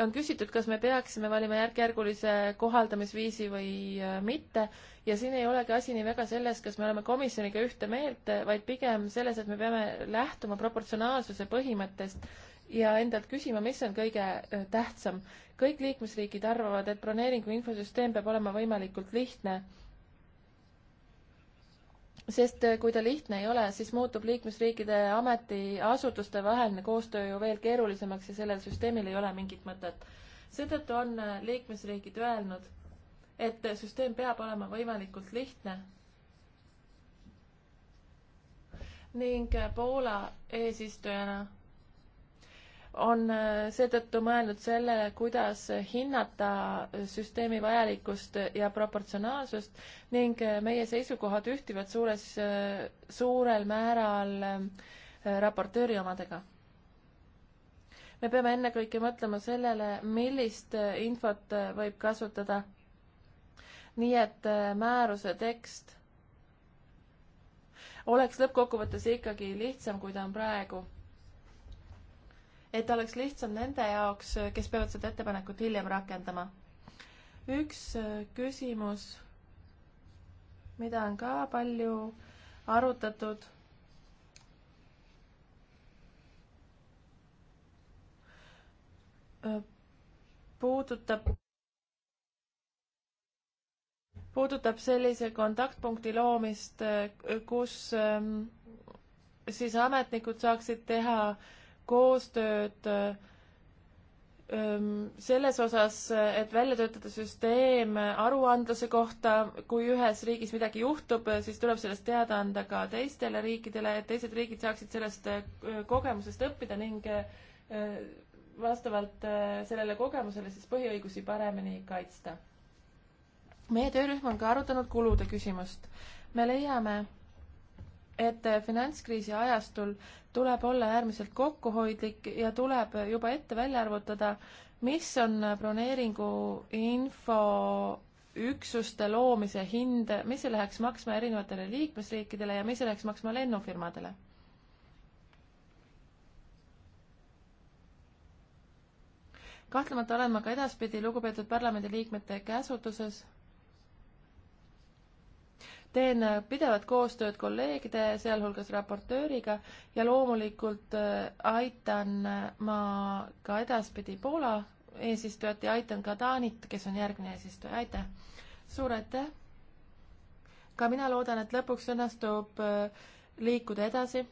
on küsitud, kas me peaksime valima järk-järgulise kohaldamisviisi või äh, mitte ja siin ei olegi asi nii väga selles, kas me oleme komisjoniga ühte meelt, äh, vaid pigem selles, et me peame lähtuma proportsionaalsuse põhimõttest ja endalt küsima, mis on kõige äh, tähtsam. kõik liikmesriigid arvavad, et broneeringu infosüsteem peab olema võimalikult lihtne sest äh, kui ta lihtne ei ole, siis muutub liikmesriikide ametiasutuste vaheline koostöö ju veel keerulisemaks ja sellel süsteemil ei ole mingit mõtet. seetõttu on äh, liikmesriigid öelnud, et äh, süsteem peab olema võimalikult lihtne. ning Poola eesistujana on äh, seetõttu mõelnud sellele, kuidas hinnata süsteemi vajalikkust ja proportsionaalsust ning äh, meie seisukohad ühtivad suures, äh, suurel määral raportööri omadega. me peame ennekõike mõtlema sellele, millist infot võib kasutada. nii et määruse tekst oleks lõppkokkuvõttes ikkagi lihtsam, kui ta on praegu et oleks lihtsam nende jaoks, kes peavad seda ettepanekut hiljem rakendama. üks äh, küsimus, mida on ka palju arutatud, äh, puudutab puudutab sellise kontaktpunkti loomist, äh, kus ähm, siis ametnikud saaksid teha koostööd ähm, selles osas, et välja töötada süsteem aruandluse kohta, kui ühes riigis midagi juhtub, siis tuleb sellest teada anda ka teistele riikidele, et teised riigid saaksid sellest äh, kogemusest õppida ning äh, vastavalt äh, sellele kogemusele siis põhiõigusi paremini kaitsta. meie töörühm on ka arutanud kulude küsimust. me leiame, et finantskriisi ajastul tuleb olla äärmiselt kokkuhoidlik ja tuleb juba ette välja arvutada, mis on broneeringu info üksuste loomise hind, mis see läheks maksma erinevatele liikmesriikidele ja mis see läheks maksma lennufirmadele? kahtlemata olen ma ka edaspidi lugupeetud parlamendiliikmete käsutuses teen pidevat koostööd kolleegide, sealhulgas raportööriga ja loomulikult äh, aitan äh, ma ka edaspidi Poola eesistujat ja aitan ka Taanit, kes on järgmine eesistuja, aitäh! suur aitäh! ka mina loodan, et lõpuks õnnestub äh, liikuda edasi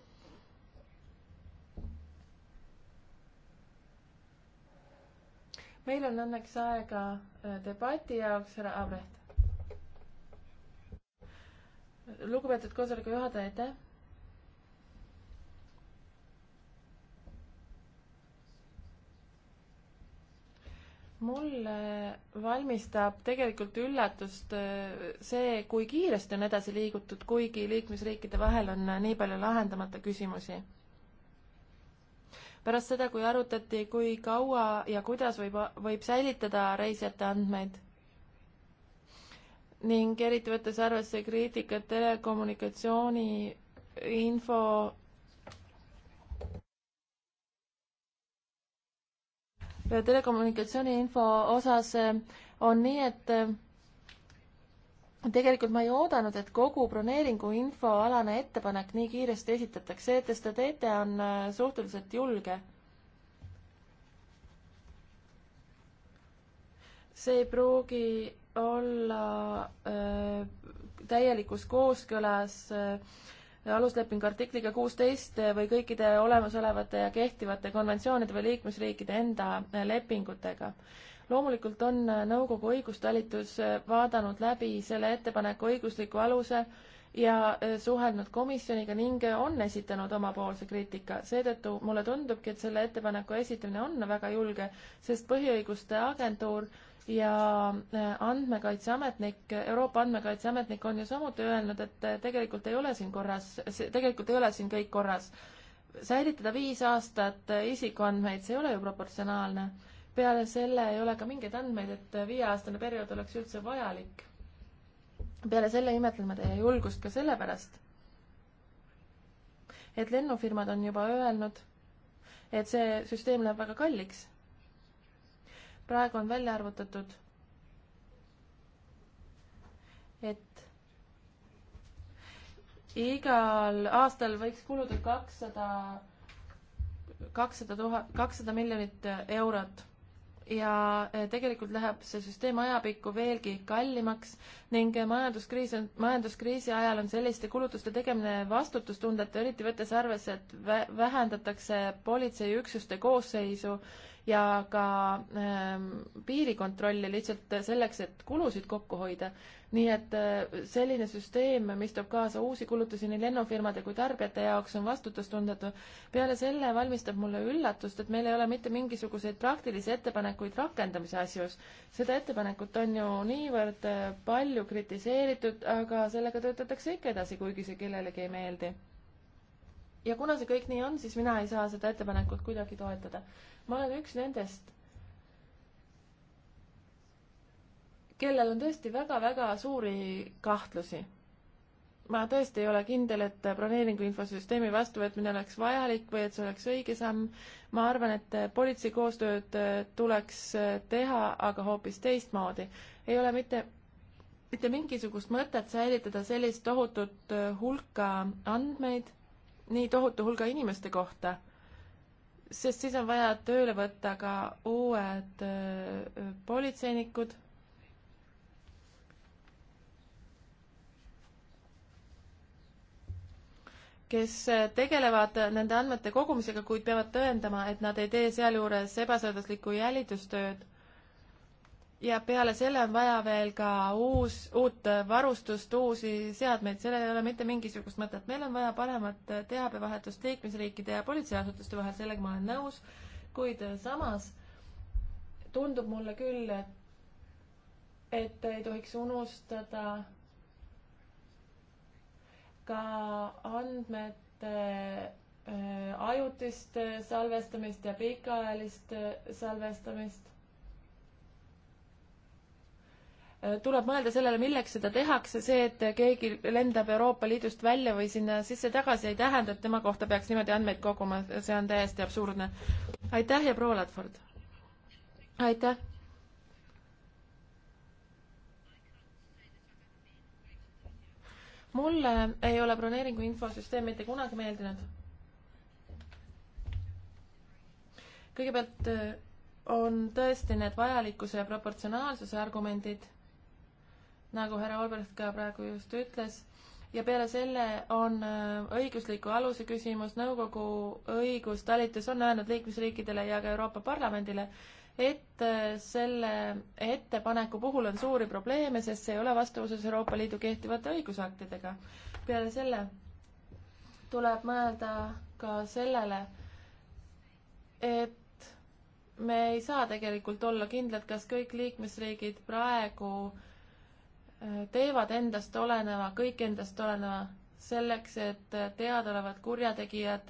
meil on õnneks aega debati jaoks, härra Abrecht lugupeetud koosoleku juhataja, aitäh. mulle valmistab tegelikult üllatust äh, see, kui kiiresti on edasi liigutud, kuigi liikmesriikide vahel on äh, nii palju lahendamata küsimusi pärast seda, kui arutati, kui kaua ja kuidas võib, võib säilitada reisijate andmeid ning eriti võttes arvesse kriitikat telekommunikatsiooni info telekommunikatsiooni info osas eh, on nii, et eh, tegelikult ma ei oodanud, et kogu broneeringu infoalane ettepanek nii kiiresti esitatakse, see, et te seda teete, on eh, suhteliselt julge. see ei pruugi olla öö, äh, täielikus kooskõlas äh, aluslepingu artikliga kuusteist või kõikide olemasolevate ja kehtivate konventsioonide või liikmesriikide enda äh, lepingutega. loomulikult on nõukogu õigustalitus vaadanud läbi selle ettepaneku õigusliku aluse ja suhelnud komisjoniga ning on esitanud omapoolse kriitika. seetõttu mulle tundubki, et selle ettepaneku esitamine on väga julge, sest põhiõiguste agentuur äh, ja äh, andmekaitseametnik, Euroopa andmekaitseametnik on ju samuti öelnud, et äh, tegelikult ei ole siin korras, tegelikult ei ole siin kõik korras. säilitada viis aastat äh, isikuandmeid, see ei ole ju proportsionaalne. peale selle ei ole ka mingeid andmeid, et viieaastane periood oleks üldse vajalik. peale selle imetlen ma teie julgust ka sellepärast, et lennufirmad on juba öelnud, et see süsteem läheb väga kalliks praegu on välja arvutatud, et igal aastal võiks kuluda kakssada, kakssada tuhat, kakssada miljonit eurot ja eh, tegelikult läheb see süsteem ajapikku veelgi kallimaks ning majanduskriis on, majanduskriisi ajal on selliste kulutuste tegemine vastutustundetu, eriti võttes arvesse, et vähendatakse politseiüksuste koosseisu ja ka ähm, piirikontrolli lihtsalt selleks, et kulusid kokku hoida. nii et äh, selline süsteem, mis toob kaasa uusi kulutusi nii lennufirmade kui tarbijate jaoks, on vastutustundetu. peale selle valmistab mulle üllatust, et meil ei ole mitte mingisuguseid praktilisi ettepanekuid rakendamise asjus. seda ettepanekut on ju niivõrd äh, palju kritiseeritud, aga sellega töötatakse ikka edasi, kuigi see kellelegi ei meeldi ja kuna see kõik nii on, siis mina ei saa seda ettepanekut kuidagi toetada. ma olen üks nendest, kellel on tõesti väga-väga suuri kahtlusi. ma tõesti ei ole kindel, et broneeringu infosüsteemi vastuvõtmine oleks vajalik või et see oleks õige samm. ma arvan, et politsei koostööd tuleks teha, aga hoopis teistmoodi. ei ole mitte mitte mingisugust mõtet säilitada sellist tohutut hulka andmeid nii tohutu hulga inimeste kohta, sest siis on vaja tööle võtta ka uued politseinikud. kes tegelevad nende andmete kogumisega, kuid peavad tõendama, et nad ei tee sealjuures ebaseaduslikku jälitustööd ja peale selle on vaja veel ka uus, uut varustust, uusi seadmeid, sellel ei ole mitte mingisugust mõtet. meil on vaja paremat teabevahetust liikmesriikide ja politseiasutuste vahel, sellega ma olen nõus, kuid samas tundub mulle küll, et ei tohiks unustada ka andmete äh, ajutist äh, salvestamist ja pikaajalist äh, salvestamist Äh, tuleb mõelda sellele, milleks seda tehakse, see, et keegi lendab Euroopa Liidust välja või sinna sisse-tagasi, ei tähenda, et tema kohta peaks niimoodi andmeid koguma, see on täiesti absurdne. aitäh ja proua Ladford! aitäh! mulle ei ole broneeringu infosüsteem mitte kunagi meeldinud. kõigepealt äh, on tõesti need vajalikkuse ja proportsionaalsuse argumendid nagu härra Olbrecht ka praegu just ütles, ja peale selle on äh, õigusliku aluse küsimus, nõukogu õigustalitus on öelnud liikmesriikidele ja ka Euroopa Parlamendile, et äh, selle ettepaneku puhul on suuri probleeme, sest see ei ole vastavuses Euroopa Liidu kehtivate õigusaktidega. peale selle tuleb mõelda ka sellele, et me ei saa tegelikult olla kindlad, kas kõik liikmesriigid praegu äh, teevad endast oleneva, kõik endast oleneva selleks, et teadaolevad kurjategijad,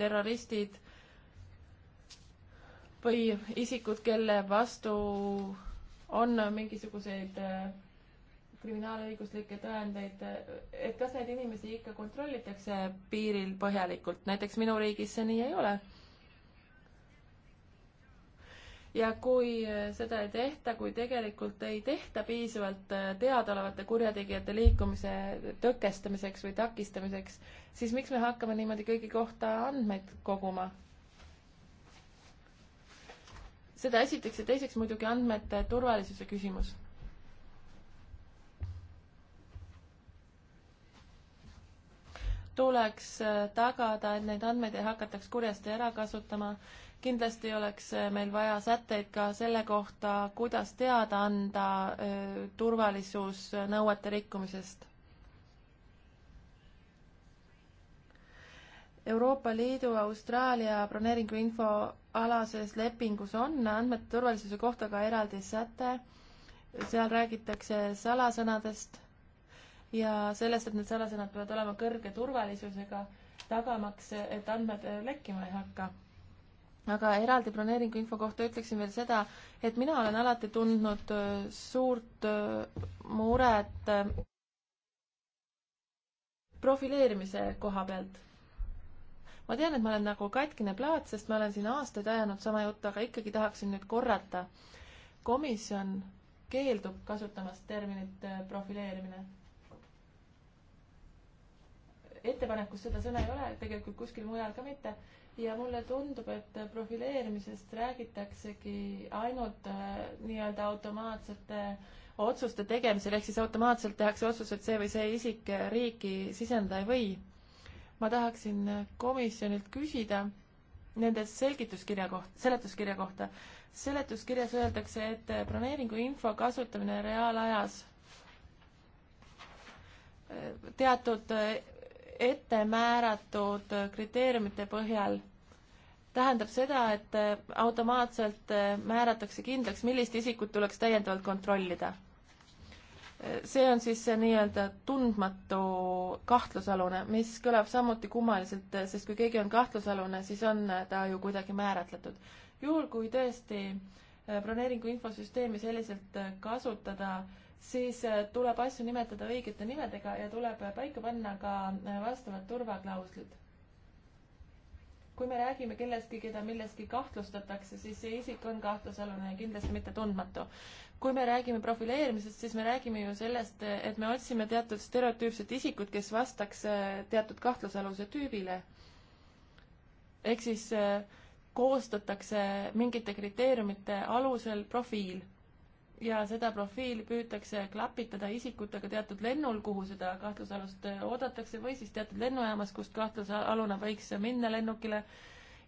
terroristid või isikud, kelle vastu on mingisuguseid äh, kriminaalõiguslikke tõendeid, et kas neid inimesi ikka kontrollitakse piiril põhjalikult, näiteks minu riigis see nii ei ole ja kui äh, seda ei tehta, kui tegelikult ei tehta piisavalt äh, teadaolevate kurjategijate liikumise tõkestamiseks või takistamiseks, siis miks me hakkame niimoodi kõigi kohta andmeid koguma? seda esiteks ja teiseks muidugi andmete turvalisuse küsimus. tuleks äh, tagada, et neid andmeid ei hakataks kurjasti ära kasutama kindlasti oleks äh, meil vaja sätteid ka selle kohta, kuidas teada anda äh, turvalisusnõuete äh, rikkumisest. Euroopa Liidu Austraalia broneeringu info alases lepingus on andmete turvalisuse kohta ka eraldi säte, seal räägitakse salasõnadest ja sellest, et need salasõnad peavad olema kõrge turvalisusega, tagamaks, et andmed lekkima ei hakka aga eraldi broneeringu info kohta ütleksin veel seda, et mina olen alati tundnud äh, suurt äh, muret äh, profileerimise koha pealt. ma tean, et ma olen nagu katkine plaat, sest ma olen siin aastaid ajanud sama juttu, aga ikkagi tahaksin nüüd korrata. komisjon keeldub kasutamast terminit profileerimine ettepanekus seda sõna ei ole, tegelikult kuskil mujal ka mitte ja mulle tundub, et profileerimisest räägitaksegi ainult äh, nii-öelda automaatsete otsuste tegemisel, ehk siis automaatselt tehakse otsus, et see või see isik riiki siseneda ei või. ma tahaksin komisjonilt küsida nende selgituskirja koht-, seletuskirja kohta. seletuskirjas öeldakse, et broneeringu info kasutamine reaalajas äh, teatud ette määratud kriteeriumite põhjal tähendab seda, et äh, automaatselt äh, määratakse kindlaks, millist isikut tuleks täiendavalt kontrollida. Äh, see on siis see nii-öelda tundmatu kahtlusalune, mis kõlab samuti kummaliselt, sest kui keegi on kahtlusalune, siis on ta ju kuidagi määratletud. juhul, kui tõesti broneeringu infosüsteemi selliselt kasutada äh, siis äh, tuleb asju nimetada õigete nimedega ja tuleb paika panna ka äh, vastavad turvaklauslid. kui me räägime kellestki, keda milleski kahtlustatakse, siis see isik on kahtlusalune ja kindlasti mitte tundmatu. kui me räägime profileerimisest, siis me räägime ju sellest, et me otsime teatud stereotüüpset isikut, kes vastaks äh, teatud kahtlusaluse tüübile. ehk siis koostatakse mingite kriteeriumite alusel profiil ja seda profiili püütakse klapitada isikutega teatud lennul, kuhu seda kahtlusalust äh, oodatakse või siis teatud lennujaamas, kust kahtlusalune võiks minna lennukile.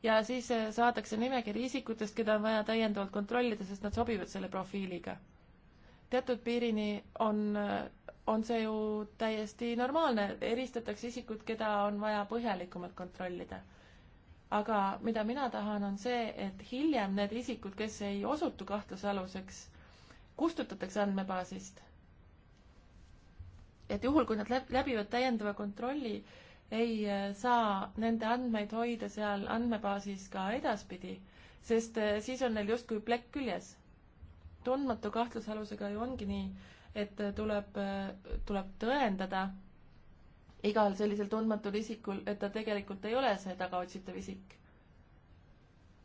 ja siis äh, saadakse nimekiri isikutest, keda on vaja täiendavalt kontrollida, sest nad sobivad selle profiiliga. teatud piirini on, äh, on see ju täiesti normaalne, eristatakse isikud, keda on vaja põhjalikumalt kontrollida aga mida mina tahan, on see, et hiljem need isikud, kes ei osutu kahtlusaluseks, kustutatakse andmebaasist. et juhul, kui nad läbivad täiendava kontrolli, ei äh, saa nende andmeid hoida seal andmebaasis ka edaspidi, sest äh, siis on neil justkui plekk küljes. tundmatu kahtlusalusega ju ongi nii, et äh, tuleb, tuleb tõendada igal sellisel tundmatul isikul, et ta tegelikult ei ole see tagaotsitav isik.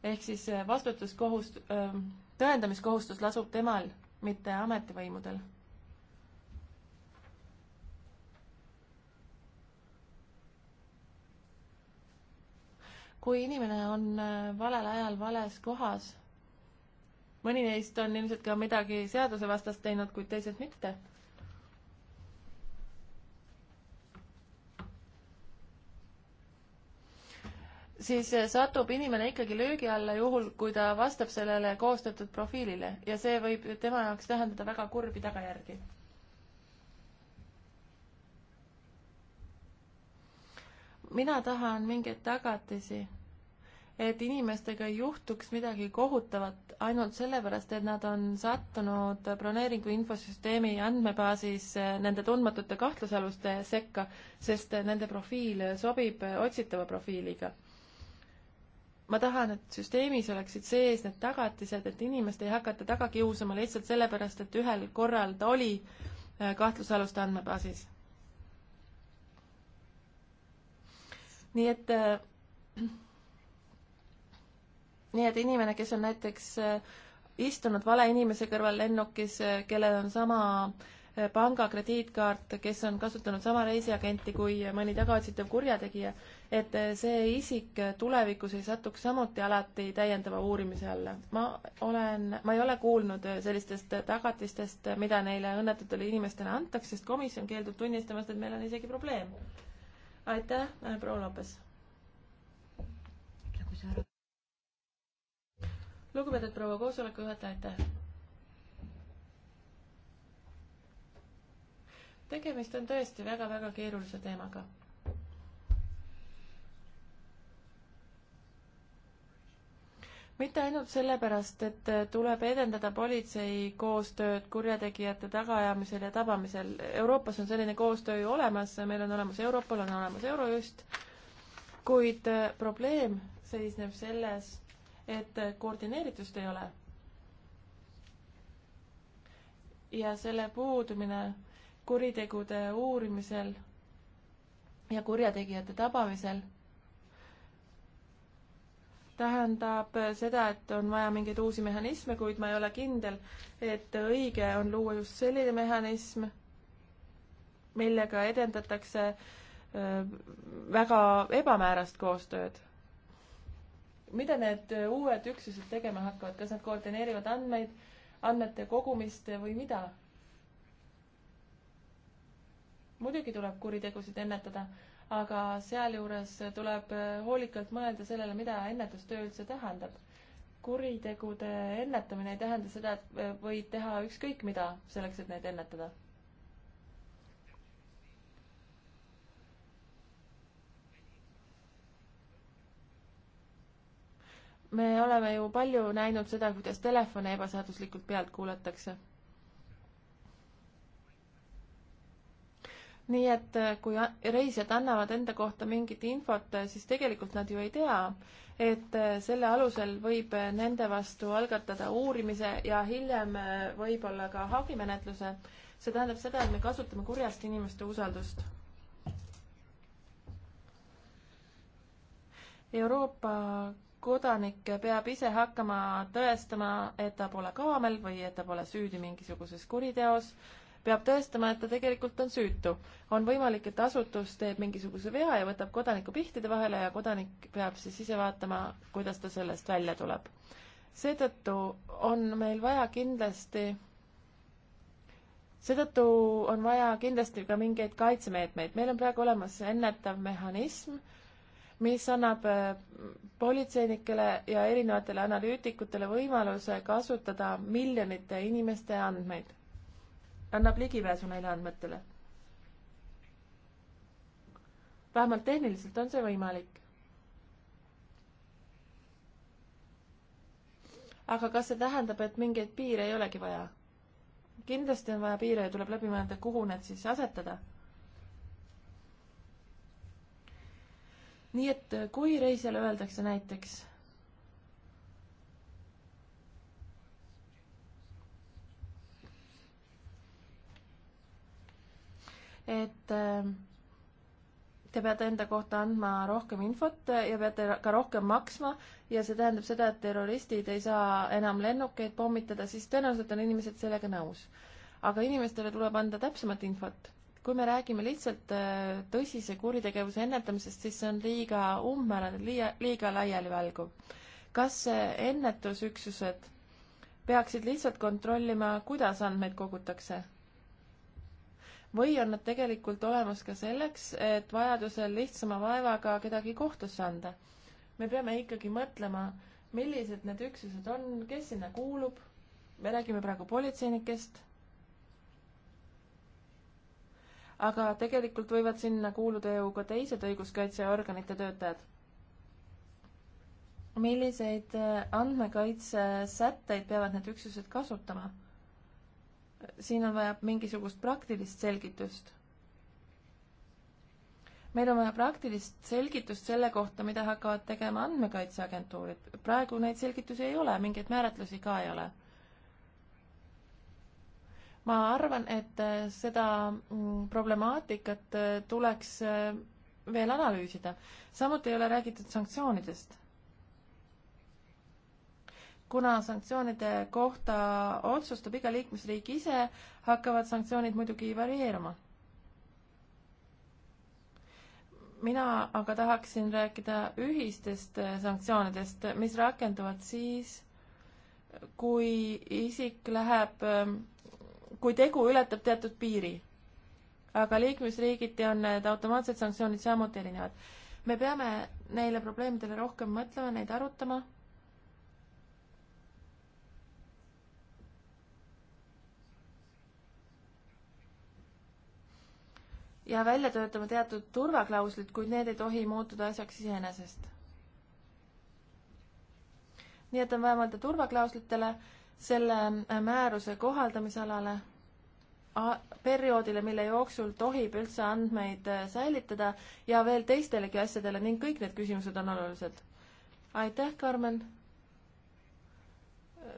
ehk siis vastutuskohust-, ähm, tõendamiskohustus lasub temal mitte ametivõimudel. kui inimene on äh, valel ajal vales kohas, mõni neist on ilmselt ka midagi seadusevastast teinud, kuid teised mitte siis eh, satub inimene ikkagi löögi alla juhul, kui ta vastab sellele koostatud profiilile ja see võib tema jaoks tähendada väga kurbi tagajärgi. mina tahan mingeid tagatisi, et inimestega ei juhtuks midagi kohutavat ainult sellepärast, et nad on sattunud broneeringu infosüsteemi andmebaasis eh, nende tundmatute kahtlusaluste sekka, sest eh, nende profiil sobib otsitava profiiliga ma tahan, et süsteemis oleksid sees need tagatised, et inimest ei hakata taga kiusama lihtsalt sellepärast, et ühel korral ta oli äh, kahtlusalust andmebaasis. nii et, äh, nii et inimene, kes on näiteks äh, istunud vale inimese kõrval lennukis, kellel on sama pangakrediitkaart, kes on kasutanud sama reisiagenti kui mõni tagaotsitav kurjategija, et see isik tulevikus ei satuks samuti alati täiendava uurimise alla. ma olen, ma ei ole kuulnud sellistest tagatistest, mida neile õnnetutele inimestele antakse, sest komisjon keeldub tunnistamast, et meil on isegi probleem. aitäh, äh, proua Lopes. lugupeetud proua koosoleku juhataja, aitäh tegemist on tõesti väga-väga keerulise teemaga. mitte ainult sellepärast, et tuleb edendada politsei koostööd kurjategijate tagaajamisel ja tabamisel. Euroopas on selline koostöö ju olemas, meil on olemas Europol, on olemas Eurojust, kuid probleem seisneb selles, et koordineeritust ei ole. ja selle puudumine kuritegude uurimisel ja kurjategijate tabamisel tähendab seda, et on vaja mingeid uusi mehhanisme, kuid ma ei ole kindel, et õige on luua just selline mehhanism, millega edendatakse äh, väga ebamäärast koostööd. mida need uued üksused tegema hakkavad, kas nad koordineerivad andmeid, andmete kogumist või mida? muidugi tuleb kuritegusid ennetada aga sealjuures tuleb hoolikalt mõelda sellele, mida ennetustöö üldse tähendab. kuritegude ennetamine ei tähenda seda, et võid teha ükskõik mida selleks, et neid ennetada. me oleme ju palju näinud seda, kuidas telefone ebaseaduslikult pealt kuulatakse nii et äh, kui reisijad annavad enda kohta mingit infot, äh, siis tegelikult nad ju ei tea, et äh, selle alusel võib nende vastu algatada uurimise ja hiljem võib-olla ka hagimenetluse. see tähendab seda, et me kasutame kurjast inimeste usaldust. Euroopa kodanik peab ise hakkama tõestama, et ta pole kaamel või et ta pole süüdi mingisuguses kuriteos peab tõestama, et ta tegelikult on süütu. on võimalik, et asutus teeb mingisuguse vea ja võtab kodaniku pihtide vahele ja kodanik peab siis ise vaatama, kuidas ta sellest välja tuleb. seetõttu on meil vaja kindlasti seetõttu on vaja kindlasti ka mingeid kaitsemeetmeid. meil on praegu olemas ennetav mehhanism, mis annab äh, politseinikele ja erinevatele analüütikutele võimaluse kasutada miljonite inimeste andmeid annab ligipääsu neile andmetele. vähemalt tehniliselt on see võimalik. aga kas see tähendab, et mingeid piire ei olegi vaja? kindlasti on vaja piire ja tuleb läbi mõelda, kuhu need siis asetada. nii et kui reisijale öeldakse näiteks et äh, te peate enda kohta andma rohkem infot ja peate ka rohkem maksma ja see tähendab seda, et terroristid ei saa enam lennukeid pommitada, siis tõenäoliselt on inimesed sellega nõus. aga inimestele tuleb anda täpsemat infot. kui me räägime lihtsalt äh, tõsise kuritegevuse ennetamisest, siis see on liiga umbmäärane, liiga, liiga laialivalguv. kas äh, ennetusüksused peaksid lihtsalt kontrollima, kuidas andmeid kogutakse? või on nad tegelikult olemas ka selleks, et vajadusel lihtsama vaevaga kedagi kohtusse anda. me peame ikkagi mõtlema, millised need üksused on, kes sinna kuulub, me räägime praegu politseinikest, aga tegelikult võivad sinna kuuluda ju ka teised õiguskaitseorganite töötajad. milliseid äh, andmekaitsesätteid peavad need üksused kasutama? siin on vaja mingisugust praktilist selgitust. meil on vaja praktilist selgitust selle kohta, mida hakkavad tegema andmekaitseagentuurid. praegu neid selgitusi ei ole, mingeid määratlusi ka ei ole. ma arvan, et äh, seda mm, problemaatikat äh, tuleks äh, veel analüüsida. samuti ei ole räägitud sanktsioonidest kuna sanktsioonide kohta otsustab iga liikmesriik ise, hakkavad sanktsioonid muidugi varieeruma. mina aga tahaksin rääkida ühistest sanktsioonidest, mis rakenduvad siis, kui isik läheb, kui tegu ületab teatud piiri. aga liikmesriigiti on need automaatsed sanktsioonid samuti erinevad. me peame neile probleemidele rohkem mõtlema, neid arutama ja välja töötama teatud turvaklauslid, kuid need ei tohi muutuda asjaks iseenesest. nii et on vaja mõelda turvaklauslitele, selle äh, määruse kohaldamisalale, perioodile, mille jooksul tohib üldse andmeid äh, säilitada ja veel teistelegi asjadele ning kõik need küsimused on olulised. aitäh, Karmen!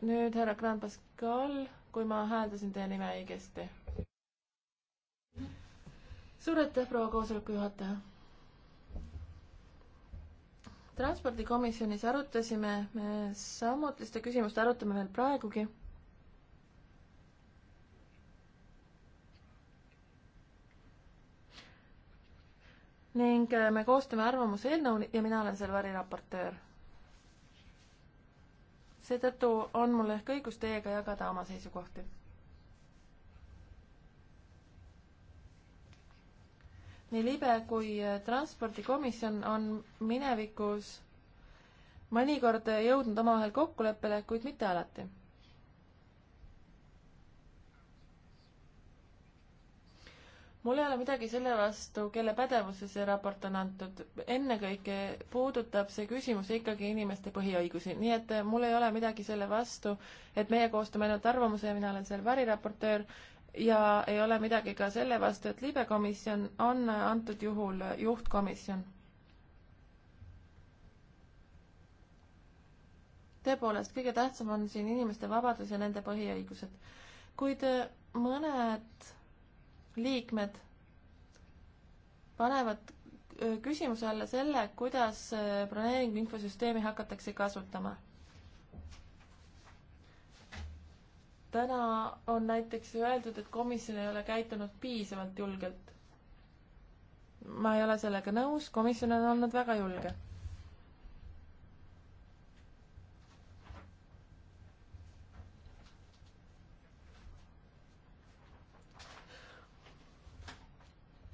nüüd härra Grand Pascal, kui ma hääldasin teie nime õigesti suur aitäh, proua koosoleku juhataja. transpordikomisjonis arutasime me samuti seda küsimust, arutame veel praegugi. ning äh, me koostame arvamuse eelnõu ja mina olen seal variraportöör. seetõttu on mul ehk õigus teiega jagada oma seisukohti nii libe kui äh, transpordikomisjon on minevikus mõnikord äh, jõudnud omavahel kokkuleppele, kuid mitte alati. mul ei ole midagi selle vastu, kelle pädevusse see raport on antud. ennekõike puudutab see küsimus ikkagi inimeste põhiõigusi, nii et äh, mul ei ole midagi selle vastu, et meie koostame ainult arvamuse ja mina olen seal variraportöör, ja ei ole midagi ka selle vastu, et libekomisjon on antud juhul juhtkomisjon. tõepoolest, kõige tähtsam on siin inimeste vabadus ja nende põhiõigused. kuid äh, mõned liikmed panevad äh, küsimuse alla selle, kuidas äh, broneeringu infosüsteemi hakatakse kasutama täna on näiteks öeldud, et komisjon ei ole käitunud piisavalt julgelt. ma ei ole sellega nõus, komisjon on olnud väga julge.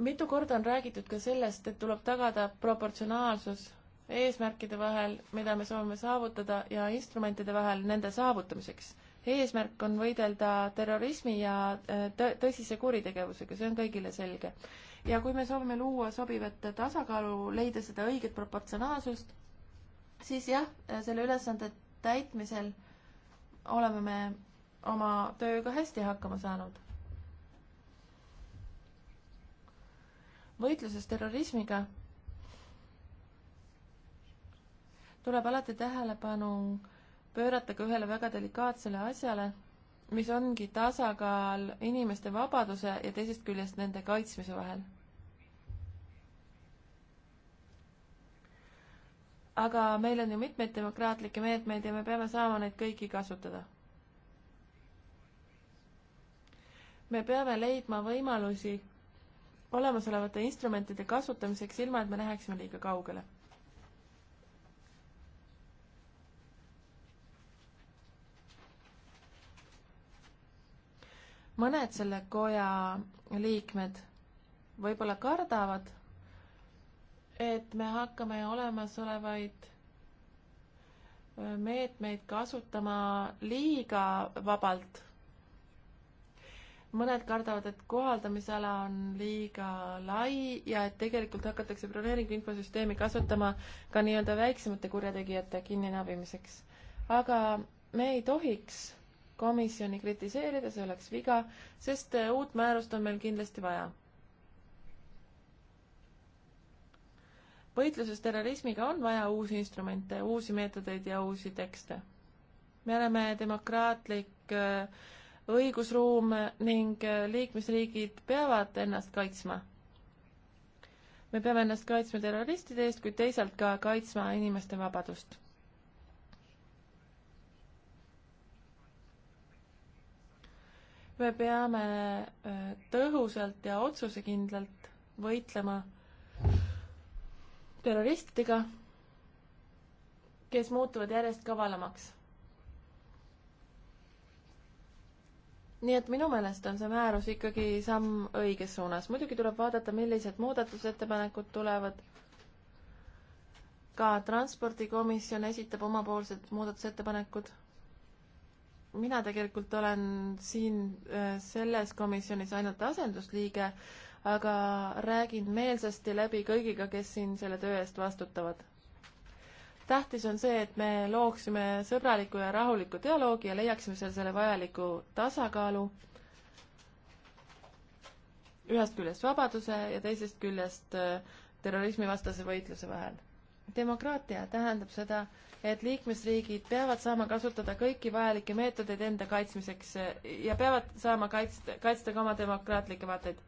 mitu korda on räägitud ka sellest, et tuleb tagada proportsionaalsus eesmärkide vahel, mida me soovime saavutada, ja instrumentide vahel nende saavutamiseks eesmärk on võidelda terrorismi ja äh, tõsise kuritegevusega, see on kõigile selge. ja kui me soovime luua sobivat tasakaalu, leida seda õiget proportsionaalsust, siis jah, äh, selle ülesande täitmisel oleme me oma tööga hästi hakkama saanud. võitluses terrorismiga tuleb alati tähelepanu äh, pöörata ka ühele väga delikaatsele asjale, mis ongi tasakaal inimeste vabaduse ja teisest küljest nende kaitsmise vahel. aga meil on ju mitmeid demokraatlikke meetmeid ja me peame saama neid kõiki kasutada. me peame leidma võimalusi olemasolevate instrumentide kasutamiseks, ilma et me läheksime liiga kaugele mõned selle koja liikmed võib-olla kardavad, et me hakkame olemasolevaid meetmeid kasutama liiga vabalt. mõned kardavad, et kohaldamisala on liiga lai ja et tegelikult hakatakse broneeringu infosüsteemi kasutama ka nii-öelda väiksemate kurjategijate kinninabimiseks. aga me ei tohiks komisjoni kritiseerida, see oleks viga, sest äh, uut määrust on meil kindlasti vaja. võitluses terrorismiga on vaja uusi instrumente, uusi meetodeid ja uusi tekste. me oleme demokraatlik äh, õigusruum ning äh, liikmesriigid peavad ennast kaitsma. me peame ennast kaitsma terroristide eest, kuid teisalt ka kaitsma inimeste vabadust me peame äh, tõhusalt ja otsusekindlalt võitlema terroristidega, kes muutuvad järjest kavalamaks. nii et minu meelest on see määrus ikkagi samm õiges suunas. muidugi tuleb vaadata, millised muudatusettepanekud tulevad. ka transpordikomisjon esitab omapoolsed muudatusettepanekud mina tegelikult olen siin äh, selles komisjonis ainult asendusliige, aga räägin meelsasti läbi kõigiga, kes siin selle töö eest vastutavad. tähtis on see, et me looksime sõbraliku ja rahuliku dialoogi ja leiaksime seal selle vajaliku tasakaalu. ühest küljest vabaduse ja teisest küljest äh, terrorismivastase võitluse vahel. demokraatia tähendab seda, et liikmesriigid peavad saama kasutada kõiki vajalikke meetodeid enda kaitsmiseks ja peavad saama kaitsta, kaitsta ka oma demokraatlikke vaateid.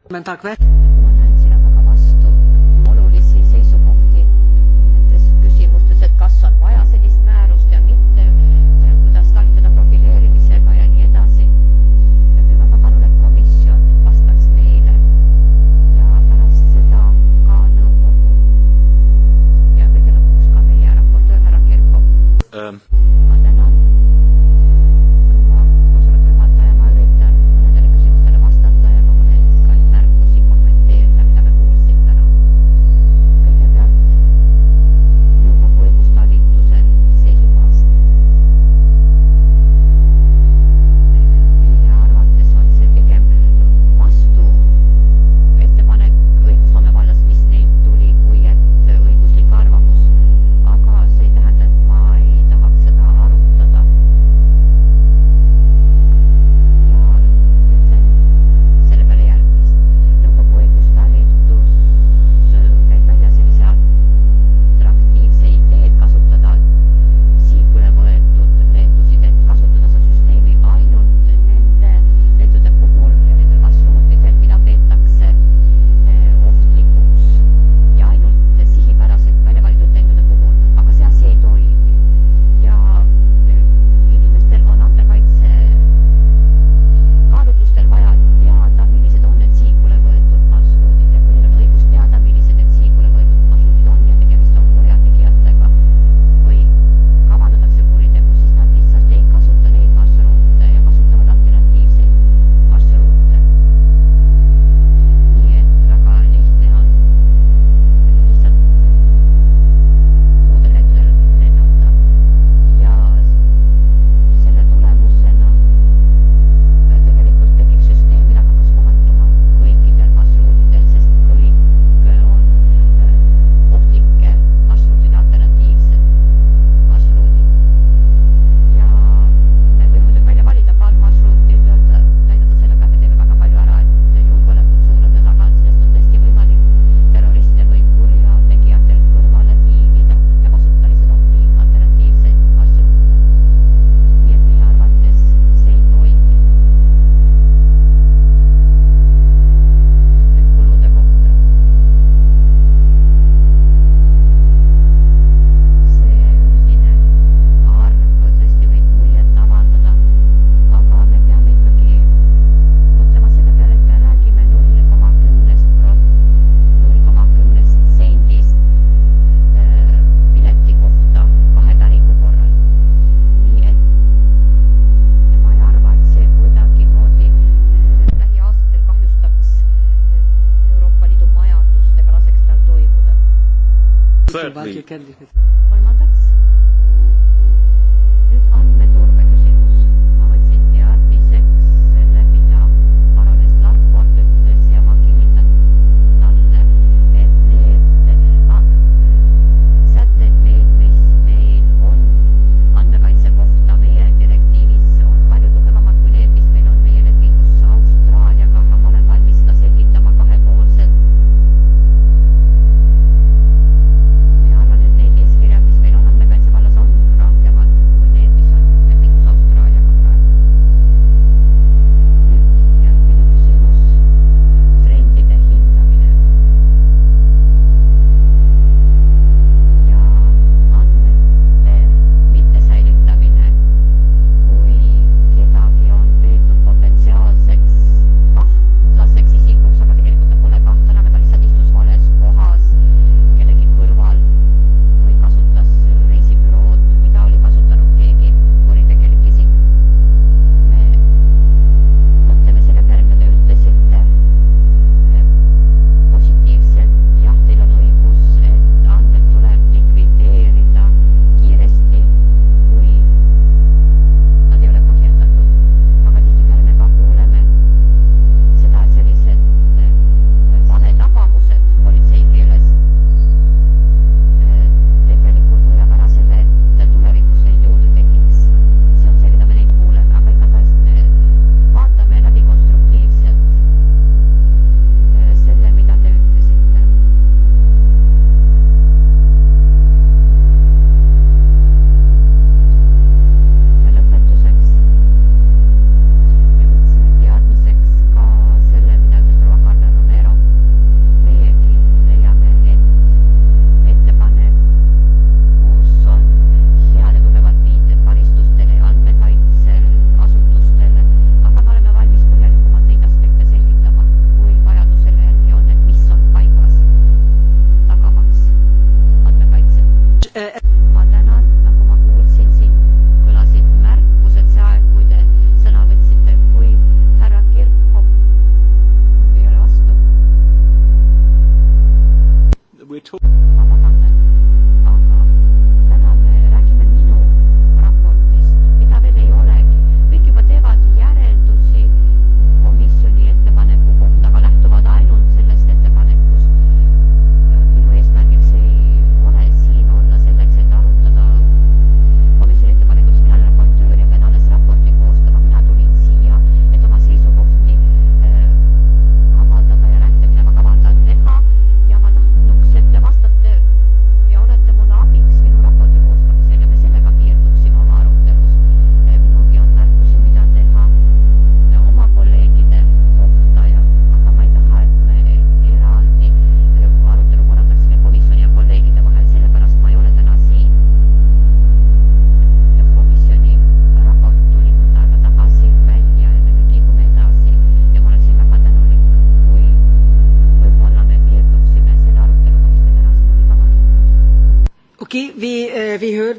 kenntlich mit.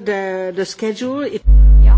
the, the schedule. It yeah.